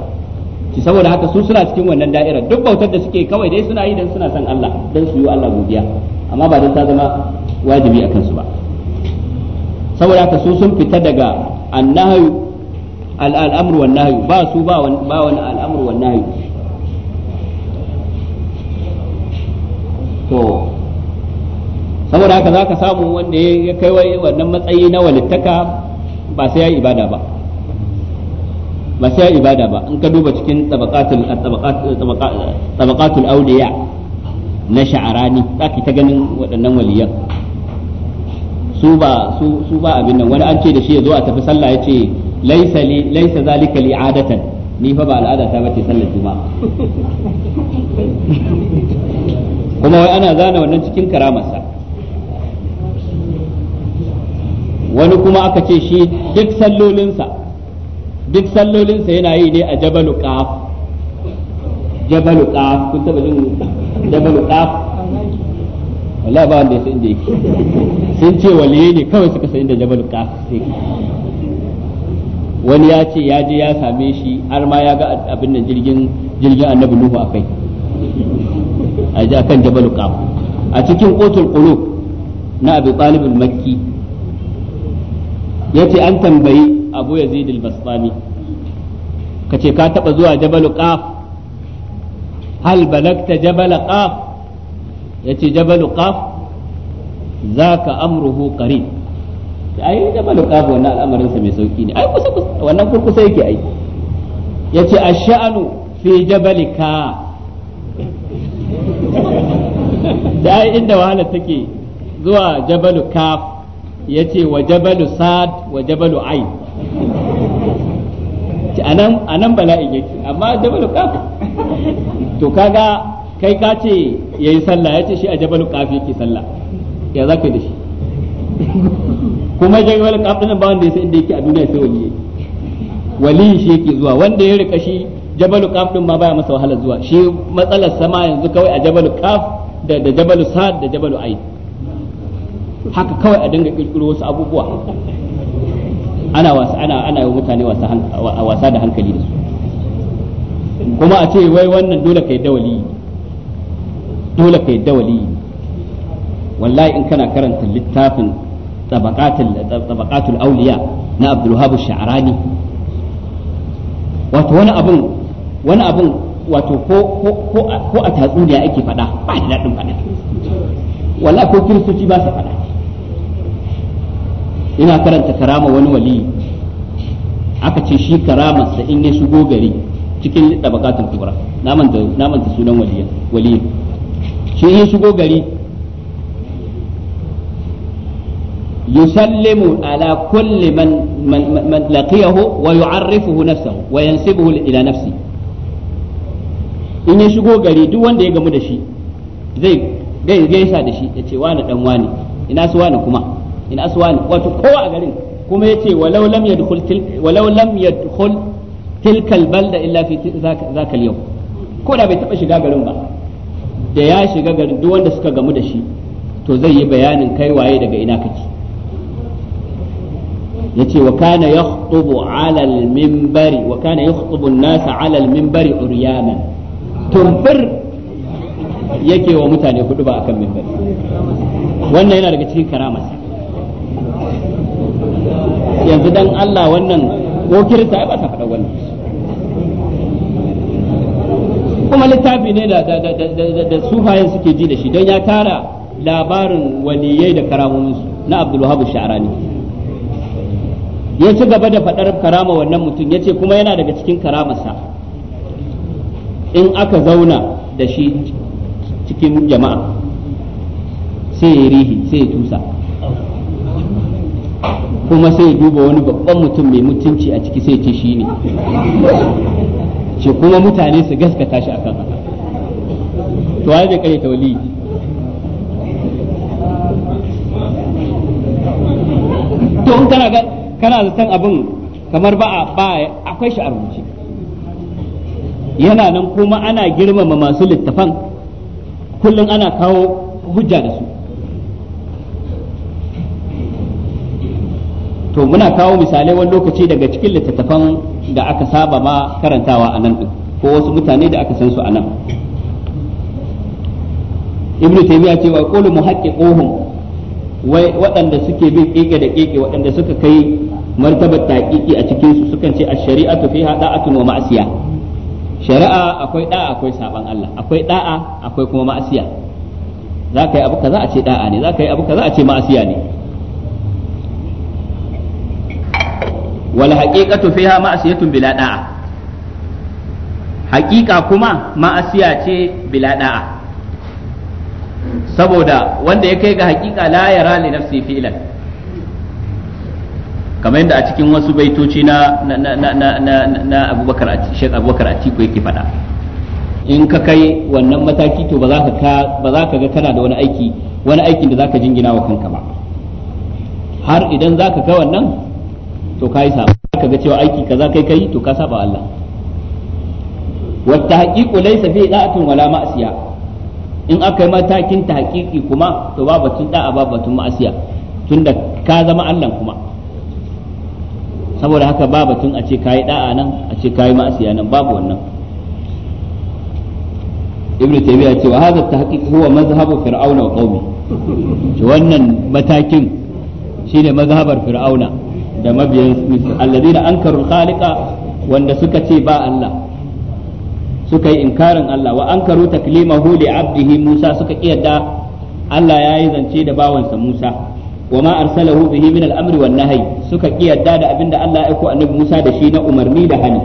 ci saboda haka su suna cikin wannan da'irar duk bautar da suke kawai dai suna yi dan suna son Allah dan su yi Allah godiya amma ba dan ta zama wajibi a kansu ba saboda haka su sun fita daga annahyu al'amru wan nahyu ba su ba wani al'amru wan nahyu to saboda haka za ka samu wanda ya kai wannan matsayi na walittaka ba sai ya yi ibada ba ba sai ya ibada ba in ka duba cikin tsabakatun auliya na sha'arani zaki ta ganin waɗannan waliyan su ba su ba abin nan wani an ce da shi ya zo a tafi sallah ya ce laisa li laisa zalika li adatan ni fa ba al'ada ta bace sallar juma'a kuma wai ana zana wannan cikin karamarsa wani kuma aka ce shi duk sallolinsa duk sallolinsa yana yi ne a jabalu qaf jabalu qaf kun taba jin jabalu qaf wallahi ba wanda inda yake sun ce waliye ne kawai suka san inda jabalu qaf yake wani ya ce ya je ya same shi har ma ya ga abin nan jirgin jirgin annabi nuhu akai a ji akan jabalu qaf a cikin kotun qulub na abi talib makki yace an tambayi abu yazid al basbani kace ka taba zuwa jabal qaf hal balagta jabal qaf yace jabal qaf zaka amruhu qarib ai jabal qaf wannan al'amarin sa mai sauki ne ai kusa kusa wannan kurkusa yake ai yace ash-sha'nu fi ka da inda wahala take zuwa jabal kaf ya ce wa jabalu sad wa jabalu ain a nan bala'in yake amma jabalu kafi to kaga kai ka ce ya yi sallah ya ce shi a jabalu kafi yake sallah ya za ka da shi kuma jabalu kafi din ba wanda ya san inda yake a duniya sai wani yake wali shi yake zuwa wanda ya rika shi jabalu kaf din ma baya masa wahala zuwa shi matsalar sama yanzu kawai a jabalu kaf da jabalu sad da jabalu ain haka kawai a dinga kirkiro wasu abubuwa ana wasa ana ana yi mutane wasa da hankali da su kuma a ce wai wannan dole kai dawali dole kai dawali wallahi in kana karanta littafin tabaqatul auliya na Abdul Wahab Sha'rani wato wani abun wani abun wato ko ko ko a tatsuniya ake faɗa ba da dadin fada wallahi ko kiristoci ba su fada ina karanta karama wani wali aka ce shi karamarsa in ya shigo gari cikin tabakatul kubra naman da naman sunan waliya waliya shi ya shigo gari yusallimu ala kulli man man laqiyahu wa yu'arrifuhu nafsahu wa yansibuhu ila nafsi in ya shigo gari duk wanda ya gamu da shi zai gaisa da shi ya ce wani dan wani ina su wani kuma in aswan wato kowa a garin kuma ya ce walau lam ya walau lam yadkhul tilka albalda illa fi zaka al ko da bai taba shiga garin ba da ya shiga garin duk wanda suka gamu da shi to zai yi bayanin kai waye daga ina kake ce wa kana ya ala al-minbari wa kana yakhutubu an-nas ala al-minbari uryanan yake wa mutane hudu ba akan minbari wannan yana daga cikin karamarsa yanzu dan Allah wannan ko kirta ba ta faɗa wannan kuma littafi ne da da sufayen suke ji da shi don ya tara labarin waliyai da karamominsu na Abdulwahab Sha'rani ya ci gaba da faɗar karama wannan mutum ya ce kuma yana daga cikin karamarsa in aka zauna da shi cikin jama'a sai ya rihi sai ya tusa kuma sai ya duba wani babban mutum mai mutunci a ciki sai ce shi ne ce kuma mutane su gaskata shi akan haka to ai bai kare ta wali to in kana kana zaton abin kamar ba a ba akwai shi a rubuce yana nan kuma ana girmama masu littafan kullum ana kawo hujja da su to muna kawo misalai wani lokaci daga cikin littattafan da aka saba ma karantawa a nan ko wasu mutane da aka san su a nan ibn taymiya ce wa qulu muhaqqiquhum wai waɗanda suke bin kike da kike waɗanda suka kai martabar taqiqi a cikin su sukan ce ash-shari'atu fiha da'atun wa ma'siya shari'a akwai da'a akwai saban Allah akwai da'a akwai kuma ma'siya za ka yi abu kaza a ce da'a ne za ka yi abu kaza a ce ma'siya ne wal haqiqatu fiha ma'siyatun bila da'a haqiqa kuma ma'asiya ce bila da'a saboda wanda ya kai ga haqiqa la yara li nafsi fi'lan kamar yadda a cikin wasu baitoci na na na na na Abubakar Sheikh Abubakar Atiku yake faɗa in ka kai wannan mataki to ba za ka ba za ka ga kana da wani aiki wani aikin da za ka jingina wa kanka ba har idan za ka ga wannan to ka kai saba ka ga cewa aiki kaza kai kai to ka saba Allah wa tahqiqu laysa fi da'atin wala ma'siya in aka yi matakin ta haƙiƙi kuma to ba batun da'a ba batun ma'siya tunda ka zama Allah kuma saboda haka ba batun a ce ka yi da'a nan a ce ka yi ma'siya nan babu wannan ibn taymiya ce wa hadha tahqiq huwa mazhabu fir'auna wa qaumi wannan matakin shine mazhabar fir'auna da mabiyan Yesu alladina ankaru khaliqa wanda suka ce ba Allah suka yi inkarin Allah wa ankaru taklimahu li abdihi Musa suka kiyarda Allah ya yi zance da bawansa Musa wa ma arsalahu bihi min al-amri wan nahyi suka kiyarda da abinda Allah ya aiko annabi Musa da shi na umarni da hani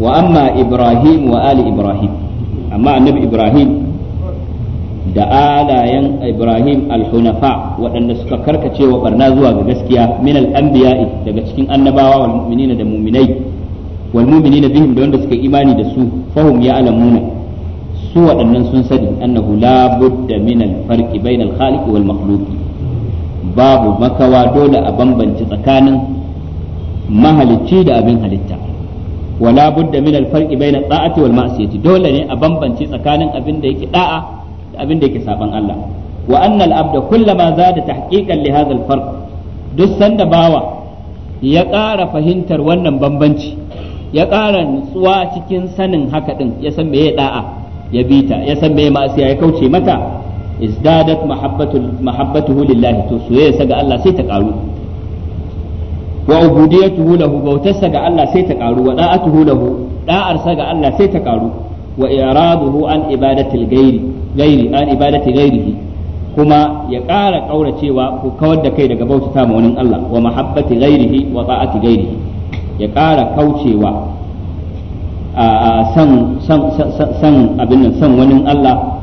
wa amma Ibrahim wa ali Ibrahim amma annabi Ibrahim da alayen Ibrahim al-Hunafa waɗanda suka karkace wa barna zuwa ga gaskiya min al-anbiya'i daga cikin annabawa wal mu'minina da mu'minai wal mu'minina bihim da wanda suka imani da su fahum ya'lamuna su waɗannan sun sani annahu la budda min al-farqi bayna al-khaliq wal makhluq babu makawa dole a bambance tsakanin mahalicci da abin halitta wala budda min al-farqi bayna al-ta'ati wal ma'siyati dole ne a bambance tsakanin abin da yake da'a abin da yake saban Allah wa anna al-abda kullama zada tahqiqan li hadha al-farq duk sanda bawa ya ƙara fahimtar wannan bambanci ya ƙara nutsuwa cikin sanin haka din ya san meye da'a ya bita ya san meye ma'asiya ya kauce mata izdadat mahabbatu mahabbatuhu lillahi to ya ga Allah sai ta karu wa ubudiyatuhu lahu bautarsa ga Allah sai ta karu wa da'atuhu lahu da'arsa ga Allah sai ta karu wa i'raduhu an ibadatil ghairi an ibadati ghairihi kuma ya ƙara ƙauracewa ku kawar da kai daga bautata ma wani Allah wa mahabbati ghairihi wa ta'ati ghairihi ya kara kaucewa a san san san abin nan san wani Allah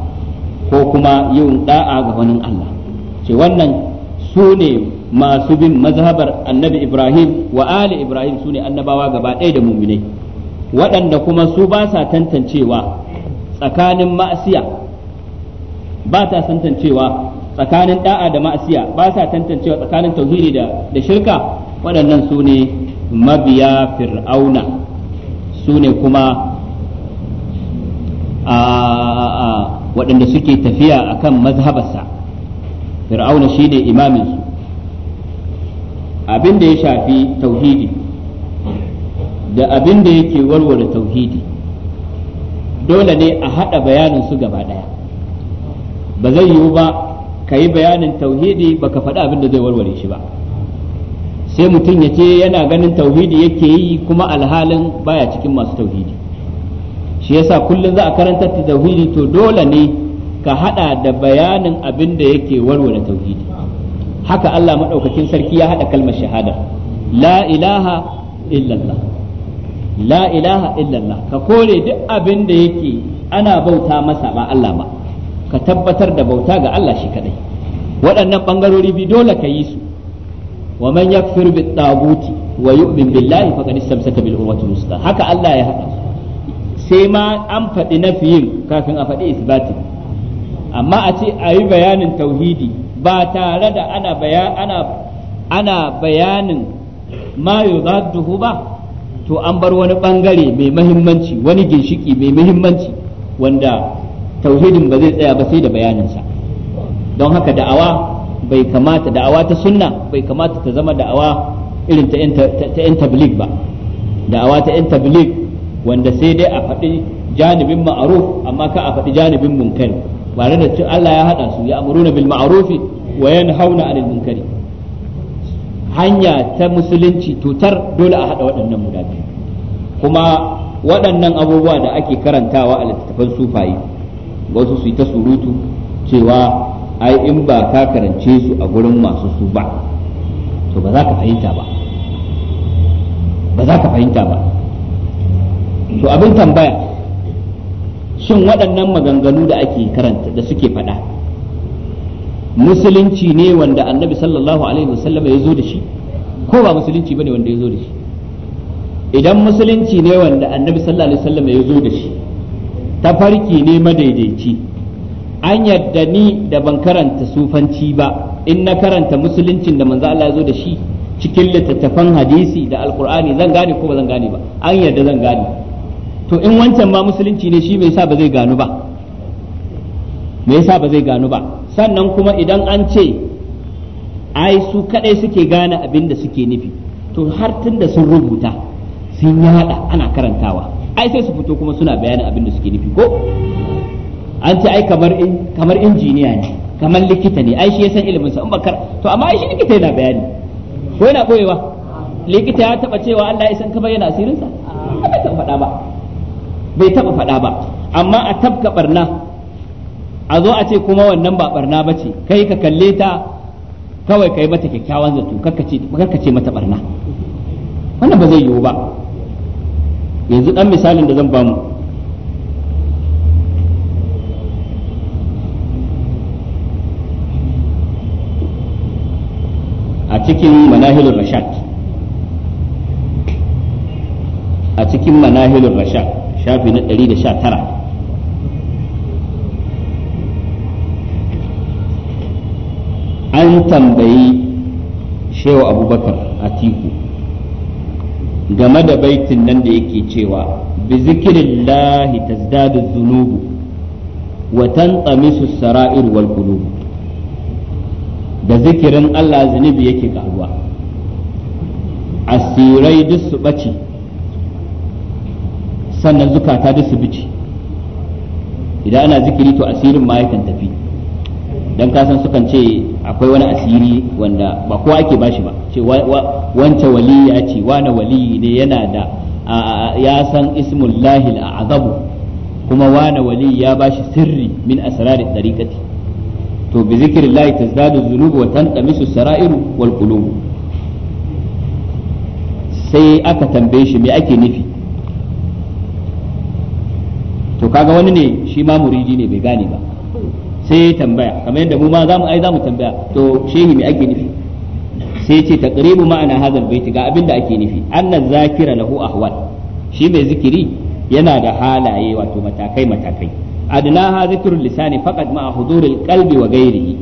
ko kuma yin da'a ga wani Allah ce wannan su ne masu bin mazhabar annabi Ibrahim wa ali Ibrahim su ne annabawa gaba ɗaya da muminai waɗanda kuma su ba sa tantancewa tsakanin ma'asiya ba ta tantancewa tsakanin da'a da ma'asiya ba sa tantancewa tsakanin tauhidi da shirka waɗannan su ne mabiya fir'auna su ne kuma a waɗanda suke tafiya a kan mazhabarsa fir'auna shi ne imaminsu, abin da ya shafi tauhidi da abin da yake warware tauhidi dole ne a haɗa bayanin su gaba ɗaya ba zai yiwu ba ka yi bayanin tauhidi baka faɗi abin da zai warware shi ba sai mutum ya ce yana ganin tauhidi yake yi kuma alhalin baya cikin masu tauhidi shi yasa kullum za a karantar tauhidi to dole ne ka haɗa da bayanin abin da yake warware tauhidi haka Allah maɗaukakin sarki ya haɗa kalmar shahada la ilaha illallah la ilaha illallah ka kore duk abin da yake ana bauta masa ba Allah ba ka tabbatar da bauta ga Allah shi kadai waɗannan bangarori biyu dole ka yi su wa man yakfir bit taguti wa yu'min billahi faqad istamsaka bil urwati wusta haka Allah ya haɗa sai ma an faɗi nafiyin kafin a faɗi isbati amma a ce a yi bayanin tauhidi ba tare da ana ana ana bayanin ma ba to an bar wani bangare mai mahimmanci wani ginshiki mai mahimmanci wanda tauhidin ba zai tsaya ba sai da bayaninsa don haka da'awa bai kamata da'awa ta sunna bai kamata ta zama da'awa irin ta yan ba da'awa ta yan wanda sai dai a faɗi janibin ma'aruf amma ka a faɗi janibin munkari bare da Allah ya haɗa su ya amuruna bil ma'arufi wa yanhauna 'anil munkari hanya ta musulunci tutar dole a haɗa waɗannan guda biyu kuma waɗannan abubuwa da ake karantawa a littattafan sufaye wasu su yi ta surutu cewa ai in ba ka karance su a gurin masu su ba to ba za ka fahimta ba ba za ka fahimta ba to abin tambaya shin waɗannan maganganu da ake karanta da suke faɗa musulunci ne wanda annabi sallallahu alaihi wasallam ya zo da shi ko ba musulunci bane wanda ya zo da shi idan musulunci ne wanda annabi sallallahu alaihi wasallam ya zo da shi tafarki ne madaidaici an yadda ni da ban karanta sufanci ba in na karanta musuluncin da manzo Allah ya zo da shi cikin littattafan hadisi da alqur'ani zan gane ko ba zan gane ba an yadda zan gane to in wancan ma musulunci ne shi bai sa ba zai gano ba me yasa ba zai gano ba sannan kuma idan an ce ai su kadai suke gane abin da suke nufi to har tun da sun rubuta sun yada ana karantawa ai sai su fito kuma suna bayanin abin da suke nufi ko an ce ai kamar kamar injiniya ne kamar likita ne ai shi ya san ilimin sa in bakar to amma ai shi likita yana bayani ko yana koyewa likita ya taba cewa Allah ya san kamar yana asirin sa ba ta faɗa ba bai taba faɗa ba amma a tabka barna a zo a ce kuma wannan ba barna ba ce kai ka kalle ta kawai kai mata kyakkyawan zato ka ce mata barna wannan ba zai yiwu ba yanzu dan misalin da zan bamu a cikin manahilun rashad a cikin manahilun rashad shafi na 119 an tambayi shehu abubakar a tiku game da baitin nan da yake cewa bi zikirin lahi tazdadu zunubu wa tanqamisu sara'ir wal da zikirin Allah zunubi yake karuwa asirai duk su ɓace sannan zukata duk su bici, idan ana zikiri to asirin ma yakan tafi dan kasan sukan ce akwai wani asiri wanda ba kowa ake bashi ba ce wancan wali ya ce wani wali ne yana da ya san ismullahi azabu kuma wani wali ya bashi sirri min asrari tariqati to bi zikrillahi tazdadu zunubu wa tanqamisu sarairu wal qulub sai aka tambaye shi me ake nufi to kaga wani ne shi ma muridi ne bai gane ba sai tambaya kamar yadda mu ma zamu ai tambaya to shehi me ake nufi sai ce taqribu ma'ana hadal baiti ga abin da ake nufi annan zakira lahu ahwal shi mai zikiri yana da halaye wato matakai matakai adnaha zikrul lisani faqad ma huduril qalbi wa ghairihi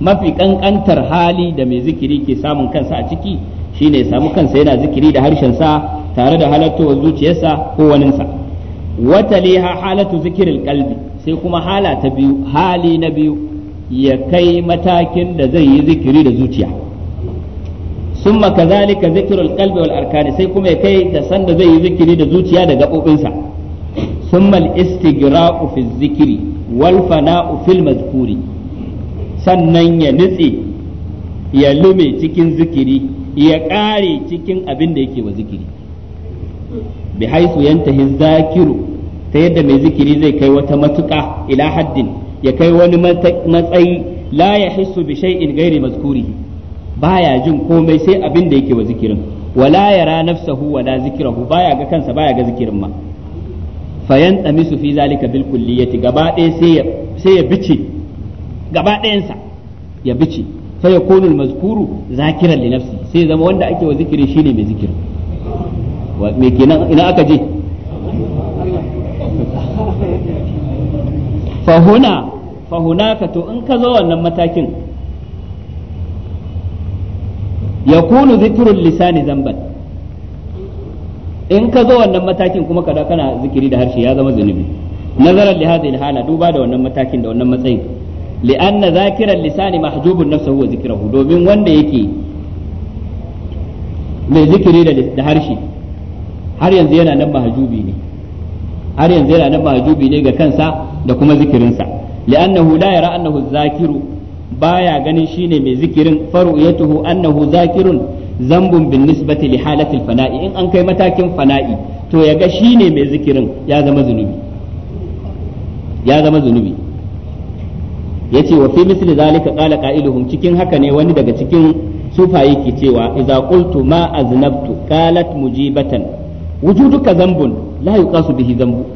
mafi kankantar hali da mai zikiri ke samun kansa a ciki shine samu kansa yana zikiri da harshen sa tare da halattowar zuciyarsa ko waninsa wata liha halatu zikirin kalbi sai kuma hala ta biyu hali na biyu ya kai matakin da zai yi zikiri da zuciya sun maka zalika zikirul kalbi wal arkani sai kuma ya kai da sanda zai yi zikiri da zuciya da gaɓoɓinsa sun mal istigra'u fi zikiri wal fana'u fil mazkuri sannan ya nutse ya lume cikin zikiri ya ƙare cikin abin da yake wa zikiri bi haisu yantahi zakiru ta yadda mai zikiri zai kai wata matuƙa ila haddin ya kai wani matsayi la ya hissu bi shay'in ghairi mazkuri baya jin komai sai abin da yake wa zikirin wala yara nafsahu wala zikrahu baya ga kansa baya ga zikirin ma fayan tsamisu fi zalika bil kulliyati gaba ɗaya sai ya sai ya bice gaba ɗayansa ya bice fa yakunu mazkuru zakiran li nafsi sai zama wanda ake wa zikiri shine mai zikiri me kenan ina aka je fahuna fahunaka to in ka zo wannan matakin ya kunu zikirin lisani zamban in ka zo wannan matakin kuma kada kana zikiri da harshe ya zama zunubi nazarar li hadhihi hala duba da wannan matakin da wannan matsayin li anna zakiran lisani mahjubun nafsuhu wa zikrahu domin wanda yake mai zikiri da harshe har yanzu yana nan mahjubi ne har yanzu yana nan majubi ne ga kansa da kuma zikirinsa li'annahu la yara annahu zakiru baya ganin shine mai zikirin tuhu annahu zakirun zambun bin nisbati li halatil fana'i in an kai matakin fana'i to ya ga shine mai zikirin ya zama zunubi ya zama zunubi yace wa fi misli zalika qala qailuhum cikin haka ne wani daga cikin sufaye ke cewa idza qultu ma aznabtu qalat mujibatan wujuduka zambun la yuqasu bihi zambu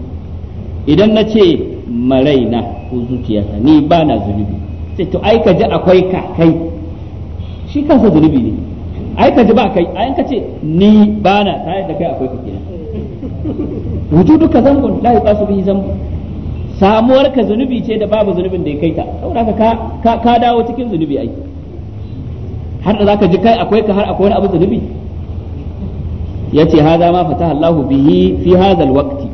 idan na ce maraina ko zuciyata ni ba na zunubi sai to ai ka ji akwai ka kai shi kansa zunubi ne ai ka ji ba kai ai ka ce ni ba na tare da kai akwai ka kenan wujuduka zambun la yuqasu bihi zambu samuwar ka zunubi ce da babu zunubin da ya kai ta saboda ka ka dawo cikin zunubi ai har da zaka ji kai akwai ka har akwai wani abu zunubi yace hada ma fataha Allah bihi fi hadha alwaqti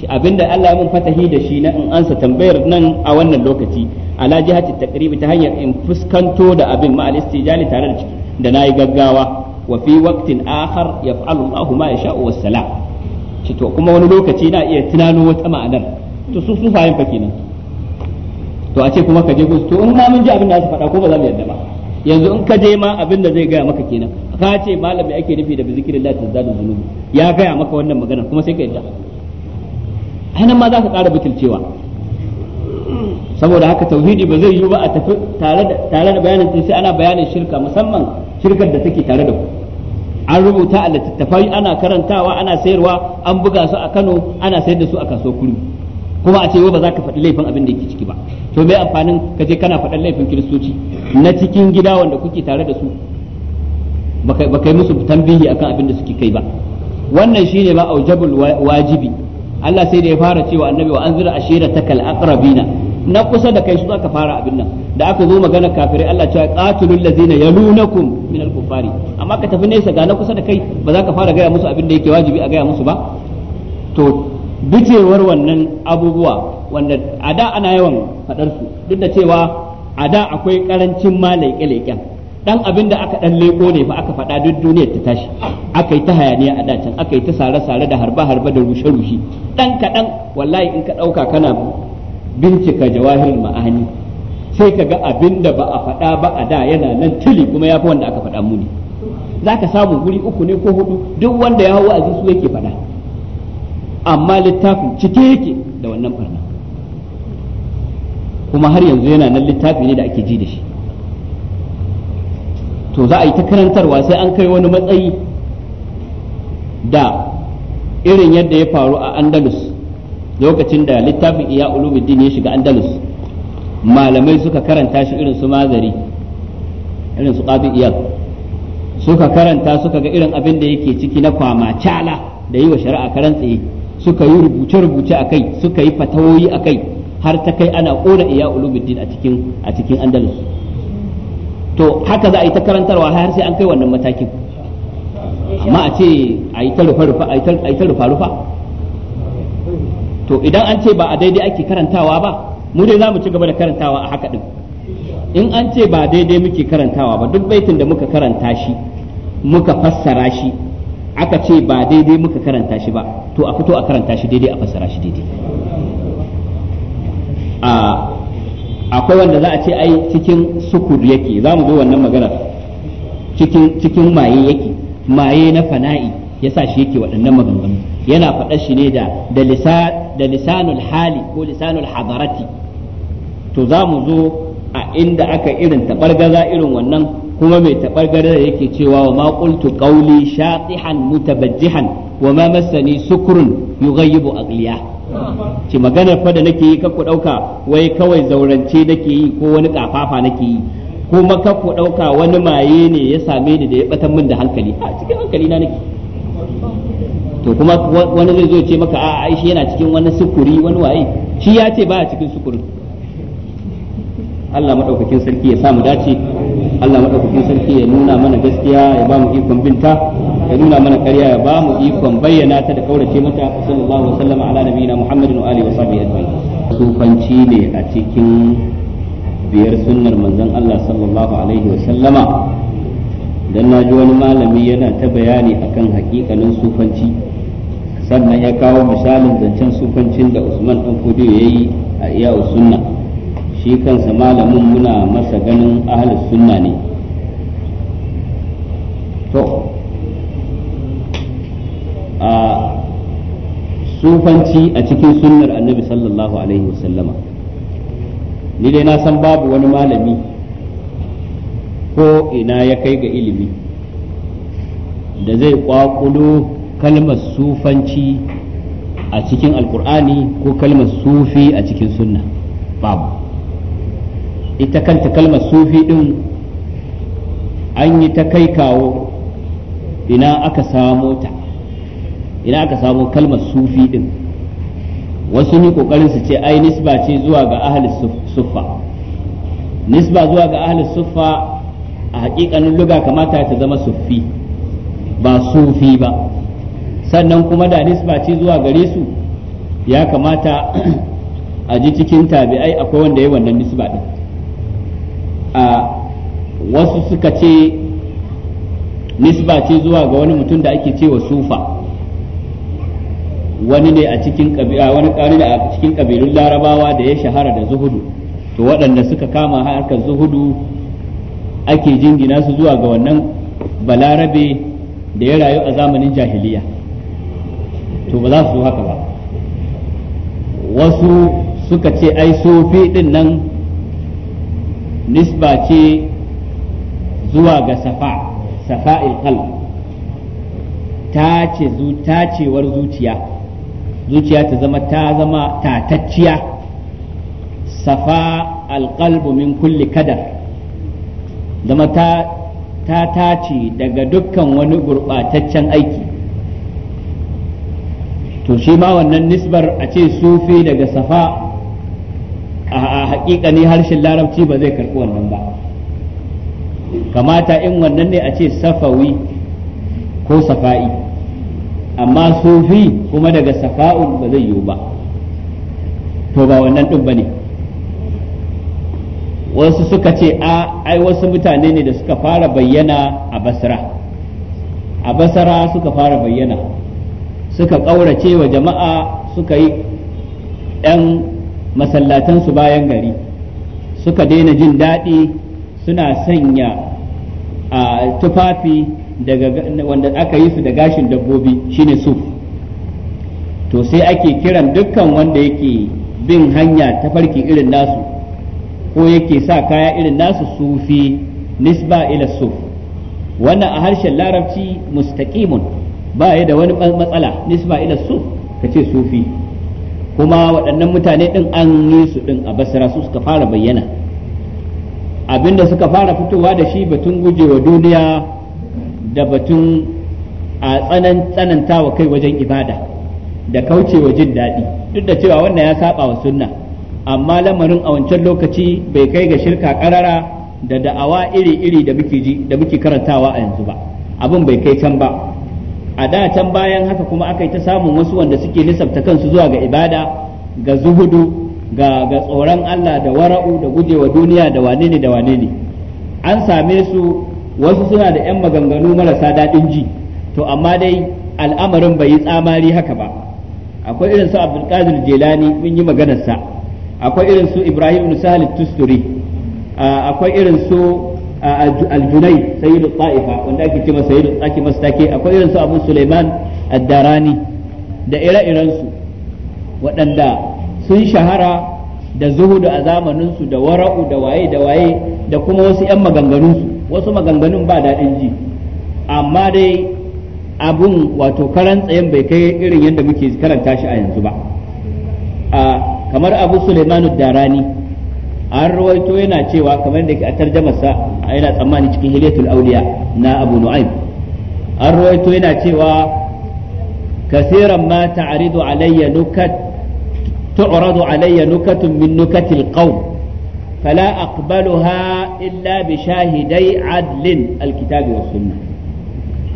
shi abinda Allah ya mun fatahi da shi na in ansa tambayar nan a wannan lokaci ala jihati taqribi ta hanyar in fuskanto da abin ma al tare da ciki da nayi gaggawa wa fi waqtin akhar yaf'alu Allah ma yasha'u wassalam shi to kuma wani lokaci na iya tunano wata ma'anar to su su fahimta kenan to a ce kuma ka je to in ma mun ji abin da aka faɗa ko ba za mu yarda ba yanzu in ka je ma abin da zai gaya maka kenan ka ce malami ake nufi da bizikirin da tazadu zunubi ya gaya maka wannan magana kuma sai ka yadda hanan ma za ka ƙara butulcewa saboda haka tauhidi ba zai yi ba a tafi tare da bayanin sai ana bayanin shirka musamman shirkar da take tare da ku an rubuta a littattafai ana karantawa ana sayarwa an buga su a Kano ana sayar da su a Kasuwar kurmi kuma a ce ba za ka faɗi laifin abin da yake ciki ba to me amfanin ka je kana faɗan laifin kiristoci na cikin gida wanda kuke tare da su ba kai musu tambihi akan abin da suke kai ba wannan shine ba aujabul wajibi Allah sai da ya fara cewa annabi wa anzira ashira takal aqrabina na kusa da kai su zaka fara abin nan da aka zo magana kafirai Allah ya cewa qatilul ladzina yalunakum min al-kuffari amma ka tafi nesa ga na kusa da kai ba za ka fara gaya musu abin da yake wajibi a gaya musu ba to bicewar wannan abubuwa wanda a da ana yawan faɗarsu, duk da cewa a da akwai ƙarancin ma leƙe-leƙen dan abin da aka dan leko ne fa aka faɗa duk duniyar ta tashi aka yi ta hayaniya a dacin aka yi ta sare-sare da harba-harba da rushe-rushe ɗan kaɗan wallahi in ka ɗauka kana bincika jawahirin ma'ani sai ka ga abin da ba a faɗa ba a da yana nan tuli kuma ya fi wanda aka faɗa muni za ka samu guri uku ne ko hudu duk wanda ya hau wa'azi su yake faɗa amma littafin cike yake da wannan barna kuma har yanzu yana nan littafi ne da ake ji da shi to za a yi ta karantarwa sai an kai wani matsayi da irin yadda ya faru a andalus lokacin da littafin iya ulumuddin ya shiga andalus malamai suka karanta shi irin su mazari irin su ƙafin iya suka karanta suka ga irin abin da yake ciki na kwamacala da yi wa shari'a karan tsaye suka yi rubuce-rubuce a kai suka yi fatawoyi a kai har ta kai ana ƙona iya ulumuddin a cikin a cikin andalus to haka za a yi ta karantarwa har sai an kai wannan matakin amma a ce a yi ta rufa-rufa a yi ta rufa-rufa to idan an ce ba a daidai ake karantawa ba mu dai za mu ci gaba da karantawa a haka din in an ce ba daidai muke karantawa ba duk baitin da muka karanta shi muka fassara shi aka ce ba daidai muka karanta shi ba to a fito a karanta shi daidai a fassara shi daidai a akwai wanda za a ce ai cikin sukur yake za mu zo wannan magana cikin cikin maye yake maye na fana'i yasa shi yake waɗannan maganganu yana faɗar shi ne da da lisanul hali ko lisanul hadarati to za mu zo a inda aka irin tabargaza irin wannan kuma mai tabargaza da yake cewa wa maƙultu qultu qawli shatihan mutabajjihan wa ma massani sukrun yughayyibu aqliya ce magana fa da nake yi kakku dauka wai kawai zaurance nake yi ko wani kafafa nake yi kuma kakku dauka wani maye ne ya same ni da ya batan min da hankali a cikin hankali na nake to kuma wani zai zo ce maka a aishi yana cikin wani sukuri wani waye shi ya ce ba a cikin sukurin Allah madaukakin sarki ya samu dace Allah madaukakin sarki ya nuna mana gaskiya ya ba mu ikon binta ya nuna mana ƙarya ya ba mu ikon bayyana ta da kaurace mata sallallahu alaihi wasallam ala nabiyina Muhammadin wa alihi wa ajma'in sufanci ne a cikin biyar sunnar manzon Allah sallallahu alaihi Wasallama dan naji wani malami yana ta bayani akan hakikanin sufanci sannan ya kawo misalin zancen sufancin da Usman dan Kudu yayi a iya sunna shi kansa malamin muna masa ganin ahalus sunna ne to a sufanci a cikin sunnar annabi sallallahu alaihi wasallama ni dai na san babu wani malami ko ina ya kai ga ilimi da zai kwakulo kalmar sufanci a cikin alkur'ani ko kalmar sufi a cikin sunna babu ita kanta kalmar sufi din an yi ta kai kawo ina aka samo ta ina aka samo kalmar sufi din wasu ni kokarin su ce ai nisba ce zuwa ga ahli suffa nisba zuwa ga ahli suffa a hakikanin luga kamata ta zama sufi ba sufi ba sannan kuma da nisba ce zuwa gare su ya kamata a ji cikin tabi'ai akwai wanda ya wannan nisba din a wasu suka ce nisba ce zuwa ga wani mutum da ake cewa sufa wani ne a cikin kabila wani kare da a cikin kabilun larabawa da ya shahara da zuhudu to waɗanda suka kama harkar zuhudu ake jingina su zuwa ga wannan balarabe da ya rayu a zamanin jahiliya to ba za su haka ba wasu suka ce ai sufi din nan nisba ce zuwa ga safa safa'il qalb tace tacewar zuciya zuciya ta zama ta zama tatacciya safa alqalbu min kulli kadar zama ta tace daga dukkan wani gurɓataccen aiki to shi ma wannan nisbar a ce sufi daga safa a hakika ne harshen larabci ba zai karɓi wannan ba kamata in wannan ne a ce safawi ko safa'i amma sufi kuma daga safa'un ba zai yiwu ba to ba wannan ɗin ba ne wasu suka ce a ai wasu mutane ne da suka fara bayyana a basra a basra suka fara bayyana suka ƙaurace wa jama'a suka yi ɗan. masallatansu bayan gari suka daina jin daɗi suna sanya a tufafi wanda aka yi su da gashin dabbobi shine suf to sai ake kiran dukkan wanda yake bin hanya ta farki irin nasu ko yake sa kaya irin nasu sufi nisba ila suf wannan a harshen larabci mustaqimun ba ya da wani matsala nisba ila suf ka ce sufi kuma waɗannan mutane ɗin an yi su ɗin a basira su suka fara bayyana abinda suka fara fitowa da shi batun gujewa duniya da batun a tsananta wa kai wajen ibada da kaucewa jin daɗi duk da cewa wannan ya saba wa sunna amma lamarin a wancan lokaci bai kai ga shirka ƙarara da da'awa iri-iri da muke karantawa a yanzu ba abin bai kai can ba a da can bayan haka kuma aka yi ta samun wasu wanda suke nisabta kansu zuwa ga ibada ga zuhudu ga tsoron Allah da wara'u da gujewa duniya da wane ne da wane ne an same su wasu suna da yan maganganu marasa daɗin ji to amma dai al'amarin bai yi tsamari haka ba akwai irin su Abdulkadir Jelani mun yi maganarsa. sa akwai irin su Ibrahim Nusahal Tusturi akwai irin su aljunai sayyidu ta'ifa wanda ake cewa sayyidu ake masa take akwai irin su abu sulaiman da ire-iren su waɗanda sun shahara da zuhudu a zamanin su da wara'u da waye da da kuma wasu yan maganganun su wasu maganganun ba daɗin ji amma dai abun wato karantsayen bai kai irin yadda muke karanta shi a yanzu ba kamar abu sulaiman ad an ruwaito yana cewa kamar da ke a tarjamarsa a yana tsammani cikin hilyatul auliya na abu nu'aim an ruwaito yana cewa kasiran ma ta'ridu alayya nukat tu'radu alayya nukatun min nukatil qawm illa أقبلها إلا بشاهدي alkitabi الكتاب والسنة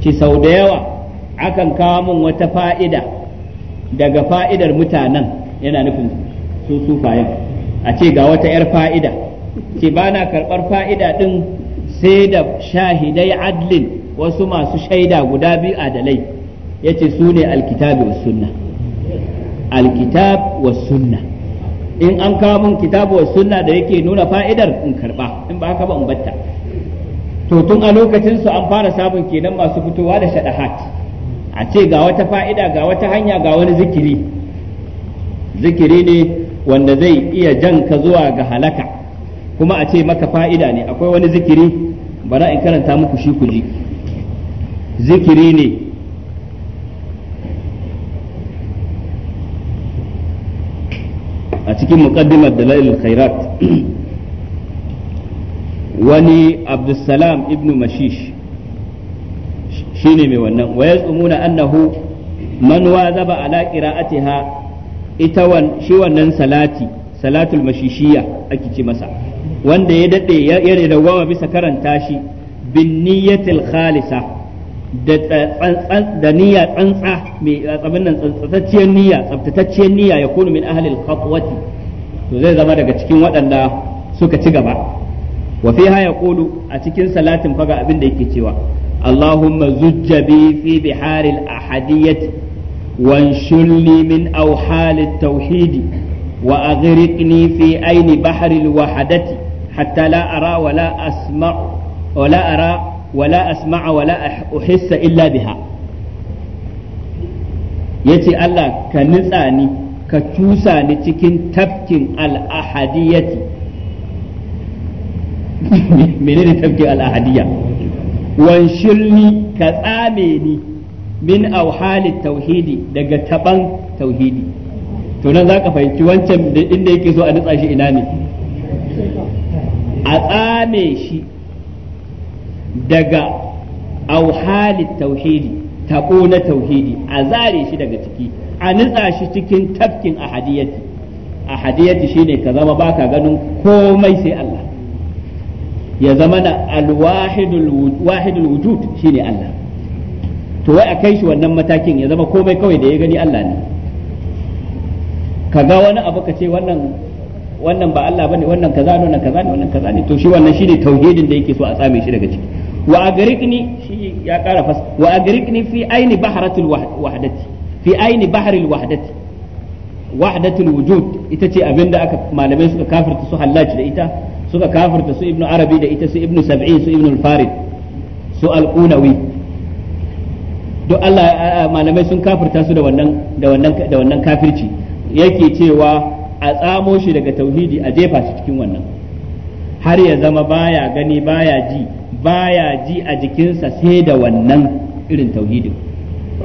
ci sau da yawa akan kawo min wata fa'ida daga fa'idar mutanen yana nufin su sufayen a ce ga wata 'yar fa'ida ce ba na karɓar fa'ida ɗin sai da shahidai adlin wasu masu shaida guda biyu adalai ya ce su ne alkitabi wa sunna alkitab wa sunna in an kawo min kitabu wa sunna da yake nuna fa'idar in karɓa in ba haka ba in batta to tun a lokacin su an fara samun kenan masu fitowa da shadahat a ce ga wata fa'ida ga wata hanya ga wani zikiri zikiri ne wanda zai iya jan ka zuwa ga halaka kuma a ce maka fa'ida ne akwai wani zikiri bara in karanta muku shi ku ji zikiri ne a cikin muqaddimar dalailul khairat wani abdussalam ibnu mashish ne mai wannan wa yazumuna annahu man wazaba ala qira'atiha ita wan shi wannan salati salatul mashishiya ake ce masa wanda ya daɗe ya dawwama bisa karanta shi bin niyyatil khalisa da tsantsan da niyya tsantsa mai tsabin nan tsantsatacciyar niyya tsaftatacciyar niyya ya kunu min ahlil khatwati to zai zama daga cikin waɗanda suka ci gaba wa fiha yaqulu a cikin salatin faga abin da yake cewa اللهم زج بي في بحار الأحدية وانشلني من أوحال التوحيد وأغرقني في عين بحر الوحدة حتى لا أرى ولا أسمع ولا أرى ولا أسمع ولا أحس إلا بها يتي الله كنساني كتوساني تكن تبكين الأحدية من تبكي الأحدية وانشلني كتاميني min auhalit tauhidi daga taban tauhidi to nan zaka fahimci wancan da inda yake so a nutsa shi ina ne a tsame shi daga auhalit tauhidi tabo na tauhidi a zare shi daga ciki a nutsa shi cikin tafkin ahadiyati ahadiyati shine ka zama baka ganin komai sai Allah ya zama da alwahidul wahidul wujud shine Allah to wai a kai shi wannan matakin ya zama komai kawai da ya gani Allah ne kaga wani abu ka ce wannan wannan ba Allah bane wannan kaza ne wannan kaza ne wannan kaza ne to shi wannan shine tauhidin da yake so a tsame shi daga ciki wa agrikni shi ya kara fas wa agrikni fi aini bahratul wahdati fi aini bahril wahdati wahdatul wujud ita ce abinda aka malamai suka kafirta su hallaji da ita suka kafirta su ibnu arabi da ita su ibnu sab'i su ibnu al-farid su al-qunawi duk Allah malamai sun kafirta su da wannan da wannan da kafirci yake cewa a tsamo shi daga tauhidi a jefa shi cikin wannan har ya zama baya gani baya ji baya ji a jikinsa sai da wannan irin tauhidin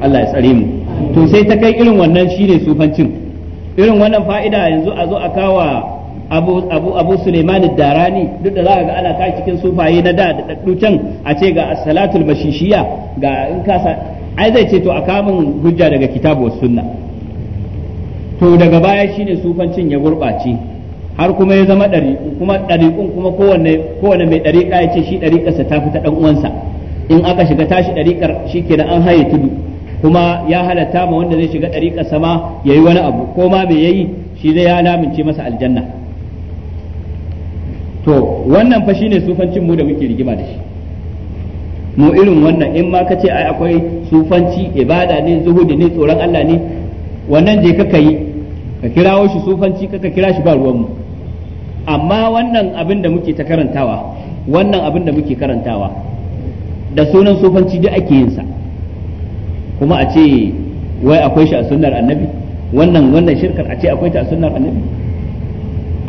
Allah ya tsare mu to sai ta kai irin wannan shine sufancin irin wannan fa'ida yanzu a zo a kawa abu abu suleiman darani duk da za zaka ga ana kai cikin sufaye na da da daddu can a ce ga salatul mashishiya ga in ka sa ai zai ce to a kamun hujja daga kitabu was sunna to daga baya shine sufancin ya gurbace har kuma ya zama dari kuma dariƙun kuma kowanne kowanne mai dari ya ce shi kasa ta fita dan uwansa in aka shiga tashi ke shikenan an haye tudu kuma ya halatta ma wanda zai shiga dariƙar sama yayi wani abu ko ma bai yayi shi zai ya lamince masa aljanna to wannan fa shine sufancin mu da muke rigima da shi mu irin wannan in ma kace ai akwai sufanci ibada ne zuhudi ne tsoron Allah ne wannan je ka yi ka kirawo shi sufanci ka kira shi ba ruwan mu amma wannan abin da muke ta karantawa wannan abin da muke karantawa da sunan sufanci duk ake yin sa kuma a ce wai akwai shi a sunnar annabi wannan wannan shirkar a ce akwai ta a sunnar annabi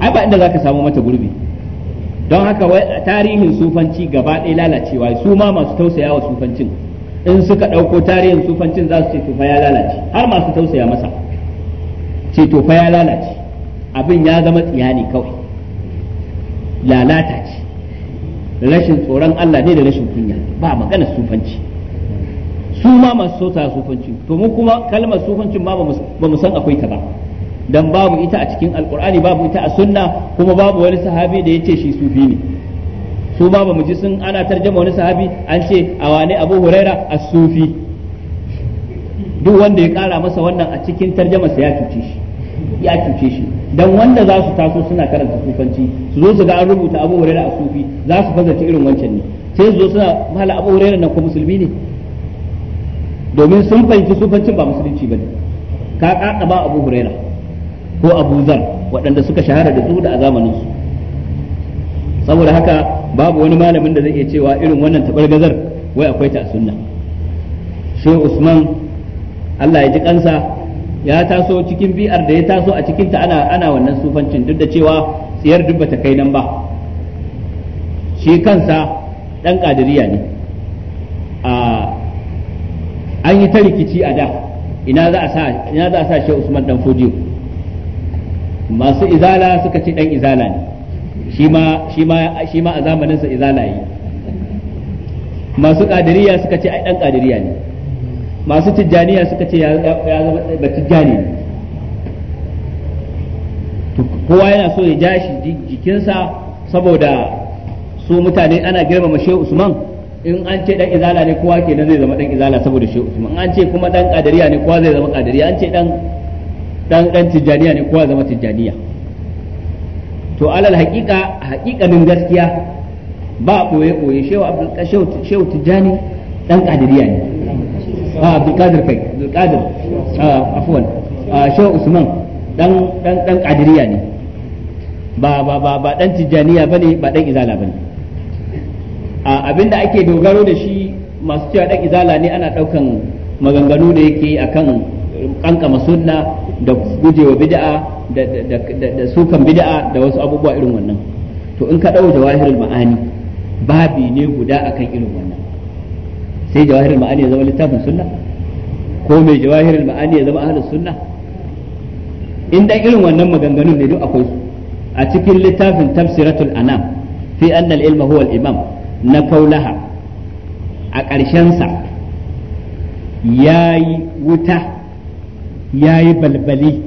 ai ba inda zaka samu mata gurbi don haka tarihin sufanci gaba ɗaya lalacewa su ma masu tausaya wa sufancin in suka ɗauko tarihin sufancin za su ce tofa ya lalace har masu tausaya masa ce tofa ya lalace abin ya zama tsiya ne kawai lalata ce rashin tsoron Allah ne da rashin kunya ba magana sufanci su ma masu tausaya sufanci to mu kuma kalmar sufancin ma ba mu san akwai ta ba dan babu ita a cikin alkur'ani babu ita a sunna kuma babu wani sahabi da yace shi sufi ne su ma mu ji sun ana tarjama wani sahabi an ce a wane abu huraira as-sufi duk wanda ya kara masa wannan a cikin tarjamarsa ya cuce shi ya cuce shi dan wanda za su taso suna karanta sufanci su zo su ga an rubuta abu huraira a sufi za su fazarci irin wancan ne sai su zo suna mala abu huraira nan ko musulmi ne domin sun fahimci sufancin ba musulunci bane ka kaka ba abu huraira ko Abu zan waɗanda suka shahara da zuhudu a zamanin su saboda haka babu wani malamin da zai iya cewa irin wannan tabargazar wai akwai ta a sunna shi Usman Allah ya ji kansa ya taso cikin bi'ar da ya taso a cikin ta ana wannan sufancin duk da cewa tsiyar duk bata kai nan ba shi kansa dan kadiriya ne a an yi ta rikici a da ina za a sa ina Usman dan Fujiyo masu izala suka ce dan izala ne shi ma a zamanin sa izala yi masu qadiriya suka ce ai dan qadiriya ne masu tijjaniya suka ce ya zama ba tijjani ne kowa yana so ya ja shi jikinsa saboda su mutane ana girmama shehu usman in an ce dan izala ne kowa kenan zai zama dan izala saboda shehu usman an ce kuma dan kadariya ne kowa zai zama kadariya an ce dan dan dan tijaniya ne kowa zama tijaniya to alal haƙiƙa min gaskiya ba koye koye shehu abdul shehu tijani dan qadiriya ne ba ah, abdul qadir kai abdul qadir ah, afwan ah, shehu usman dan dan dan qadiriya ne ba ba ba ba dan tijaniya bane ba dan izala bane a abinda ake dogaro da shi masu cewa dan izala ne ana daukan maganganu da yake akan kankama sunna da gujewa bid'a da sukan bid'a da wasu abubuwa irin wannan to in ka dau jawahirul ma'ani babi ne guda akan irin wannan sai jawahirul ma'ani ya zama littafin sunna ko mai jawahirul ma'ani ya zama ahlus sunna in dan irin wannan maganganun ne duk akwai su a cikin littafin tafsiratul anam fi anna al-ilma huwa al-imam na kaulaha a ƙarshensa ya yi wuta ya yi balbali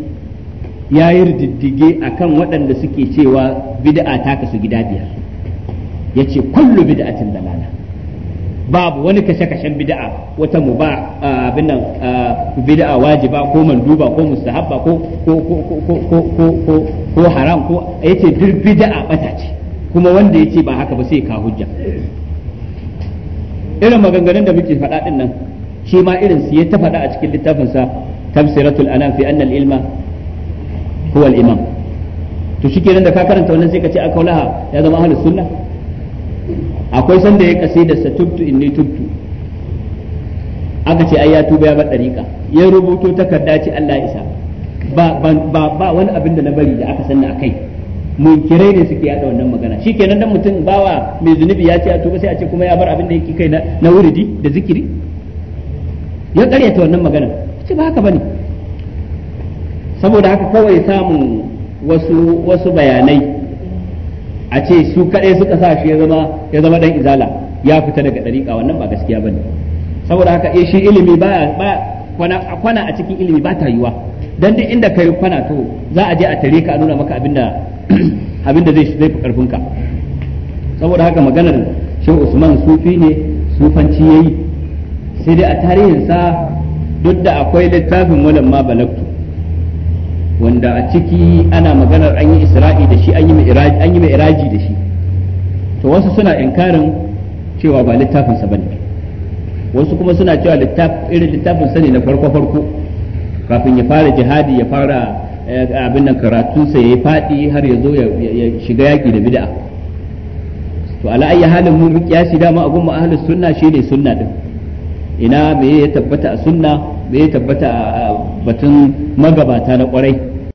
ya yi riddige a kan waɗanda suke cewa bid'a ta kasu gida biyar ya ce kullu bid'atin dalala babu wani kashe-kashen bid'a wata mu ba abin bid'a wajiba ko manduba ko mustahabba ko ko ko ko haram ko yace duk bid'a bata ce kuma wanda ya ce ba haka ba sai ka hujja irin maganganun da muke faɗa nan shi ma irin su ya ta faɗa a cikin littafinsa. تبصرة الأنام في أن العلم هو الإمام تشكي لنا فاكرا أنت wannan sai ka ce aka laha ya zama ahlus sunna akwai sanda ya kasida sa tubtu inni tubtu aka ce ai ya tuba ya bar rubuto takarda ce Allah isa ba ba ba wani abin da na bari da aka sanna akai munkirai ne suke yada wannan magana shikenan dan mutum bawa mai zunubi ya ce a tuba sai a ce kuma ya bar abin da yake kai na wuridi da zikiri ya karyata wannan maganar. ce ba haka bane saboda haka kawai samun wasu wasu bayanai a ce su kadai suka sa shi ya zama ya zama dan izala ya fita daga ɗariƙa wannan ba gaskiya bane saboda haka eh shi ilimi ba kwana kwana a cikin ilimi ba ta yiwa dan duk inda kai kwana to za a je a tare ka a nuna maka abinda abinda zai zai fi karfin ka saboda haka maganar Shehu Usman sufi ne sufanci yayi sai dai a tarihinsa duk da akwai littafin walan ma balaktu wanda a ciki ana maganar an yi isra'i da shi an yi mai iraji da shi to wasu suna inkarin cewa ba littafin sa bane wasu kuma suna cewa littafin irin littafin sa ne na farko farko kafin ya fara jihadi ya fara eh, abin nan karatun sa ya fadi har ya zo ya shiga yaki da bid'a to ala ayyi halin mun kiyasi dama abun mu ahlus sunna shine sunna din ina me ya tabbata a sunna me ya tabbata a batun magabata na kwarai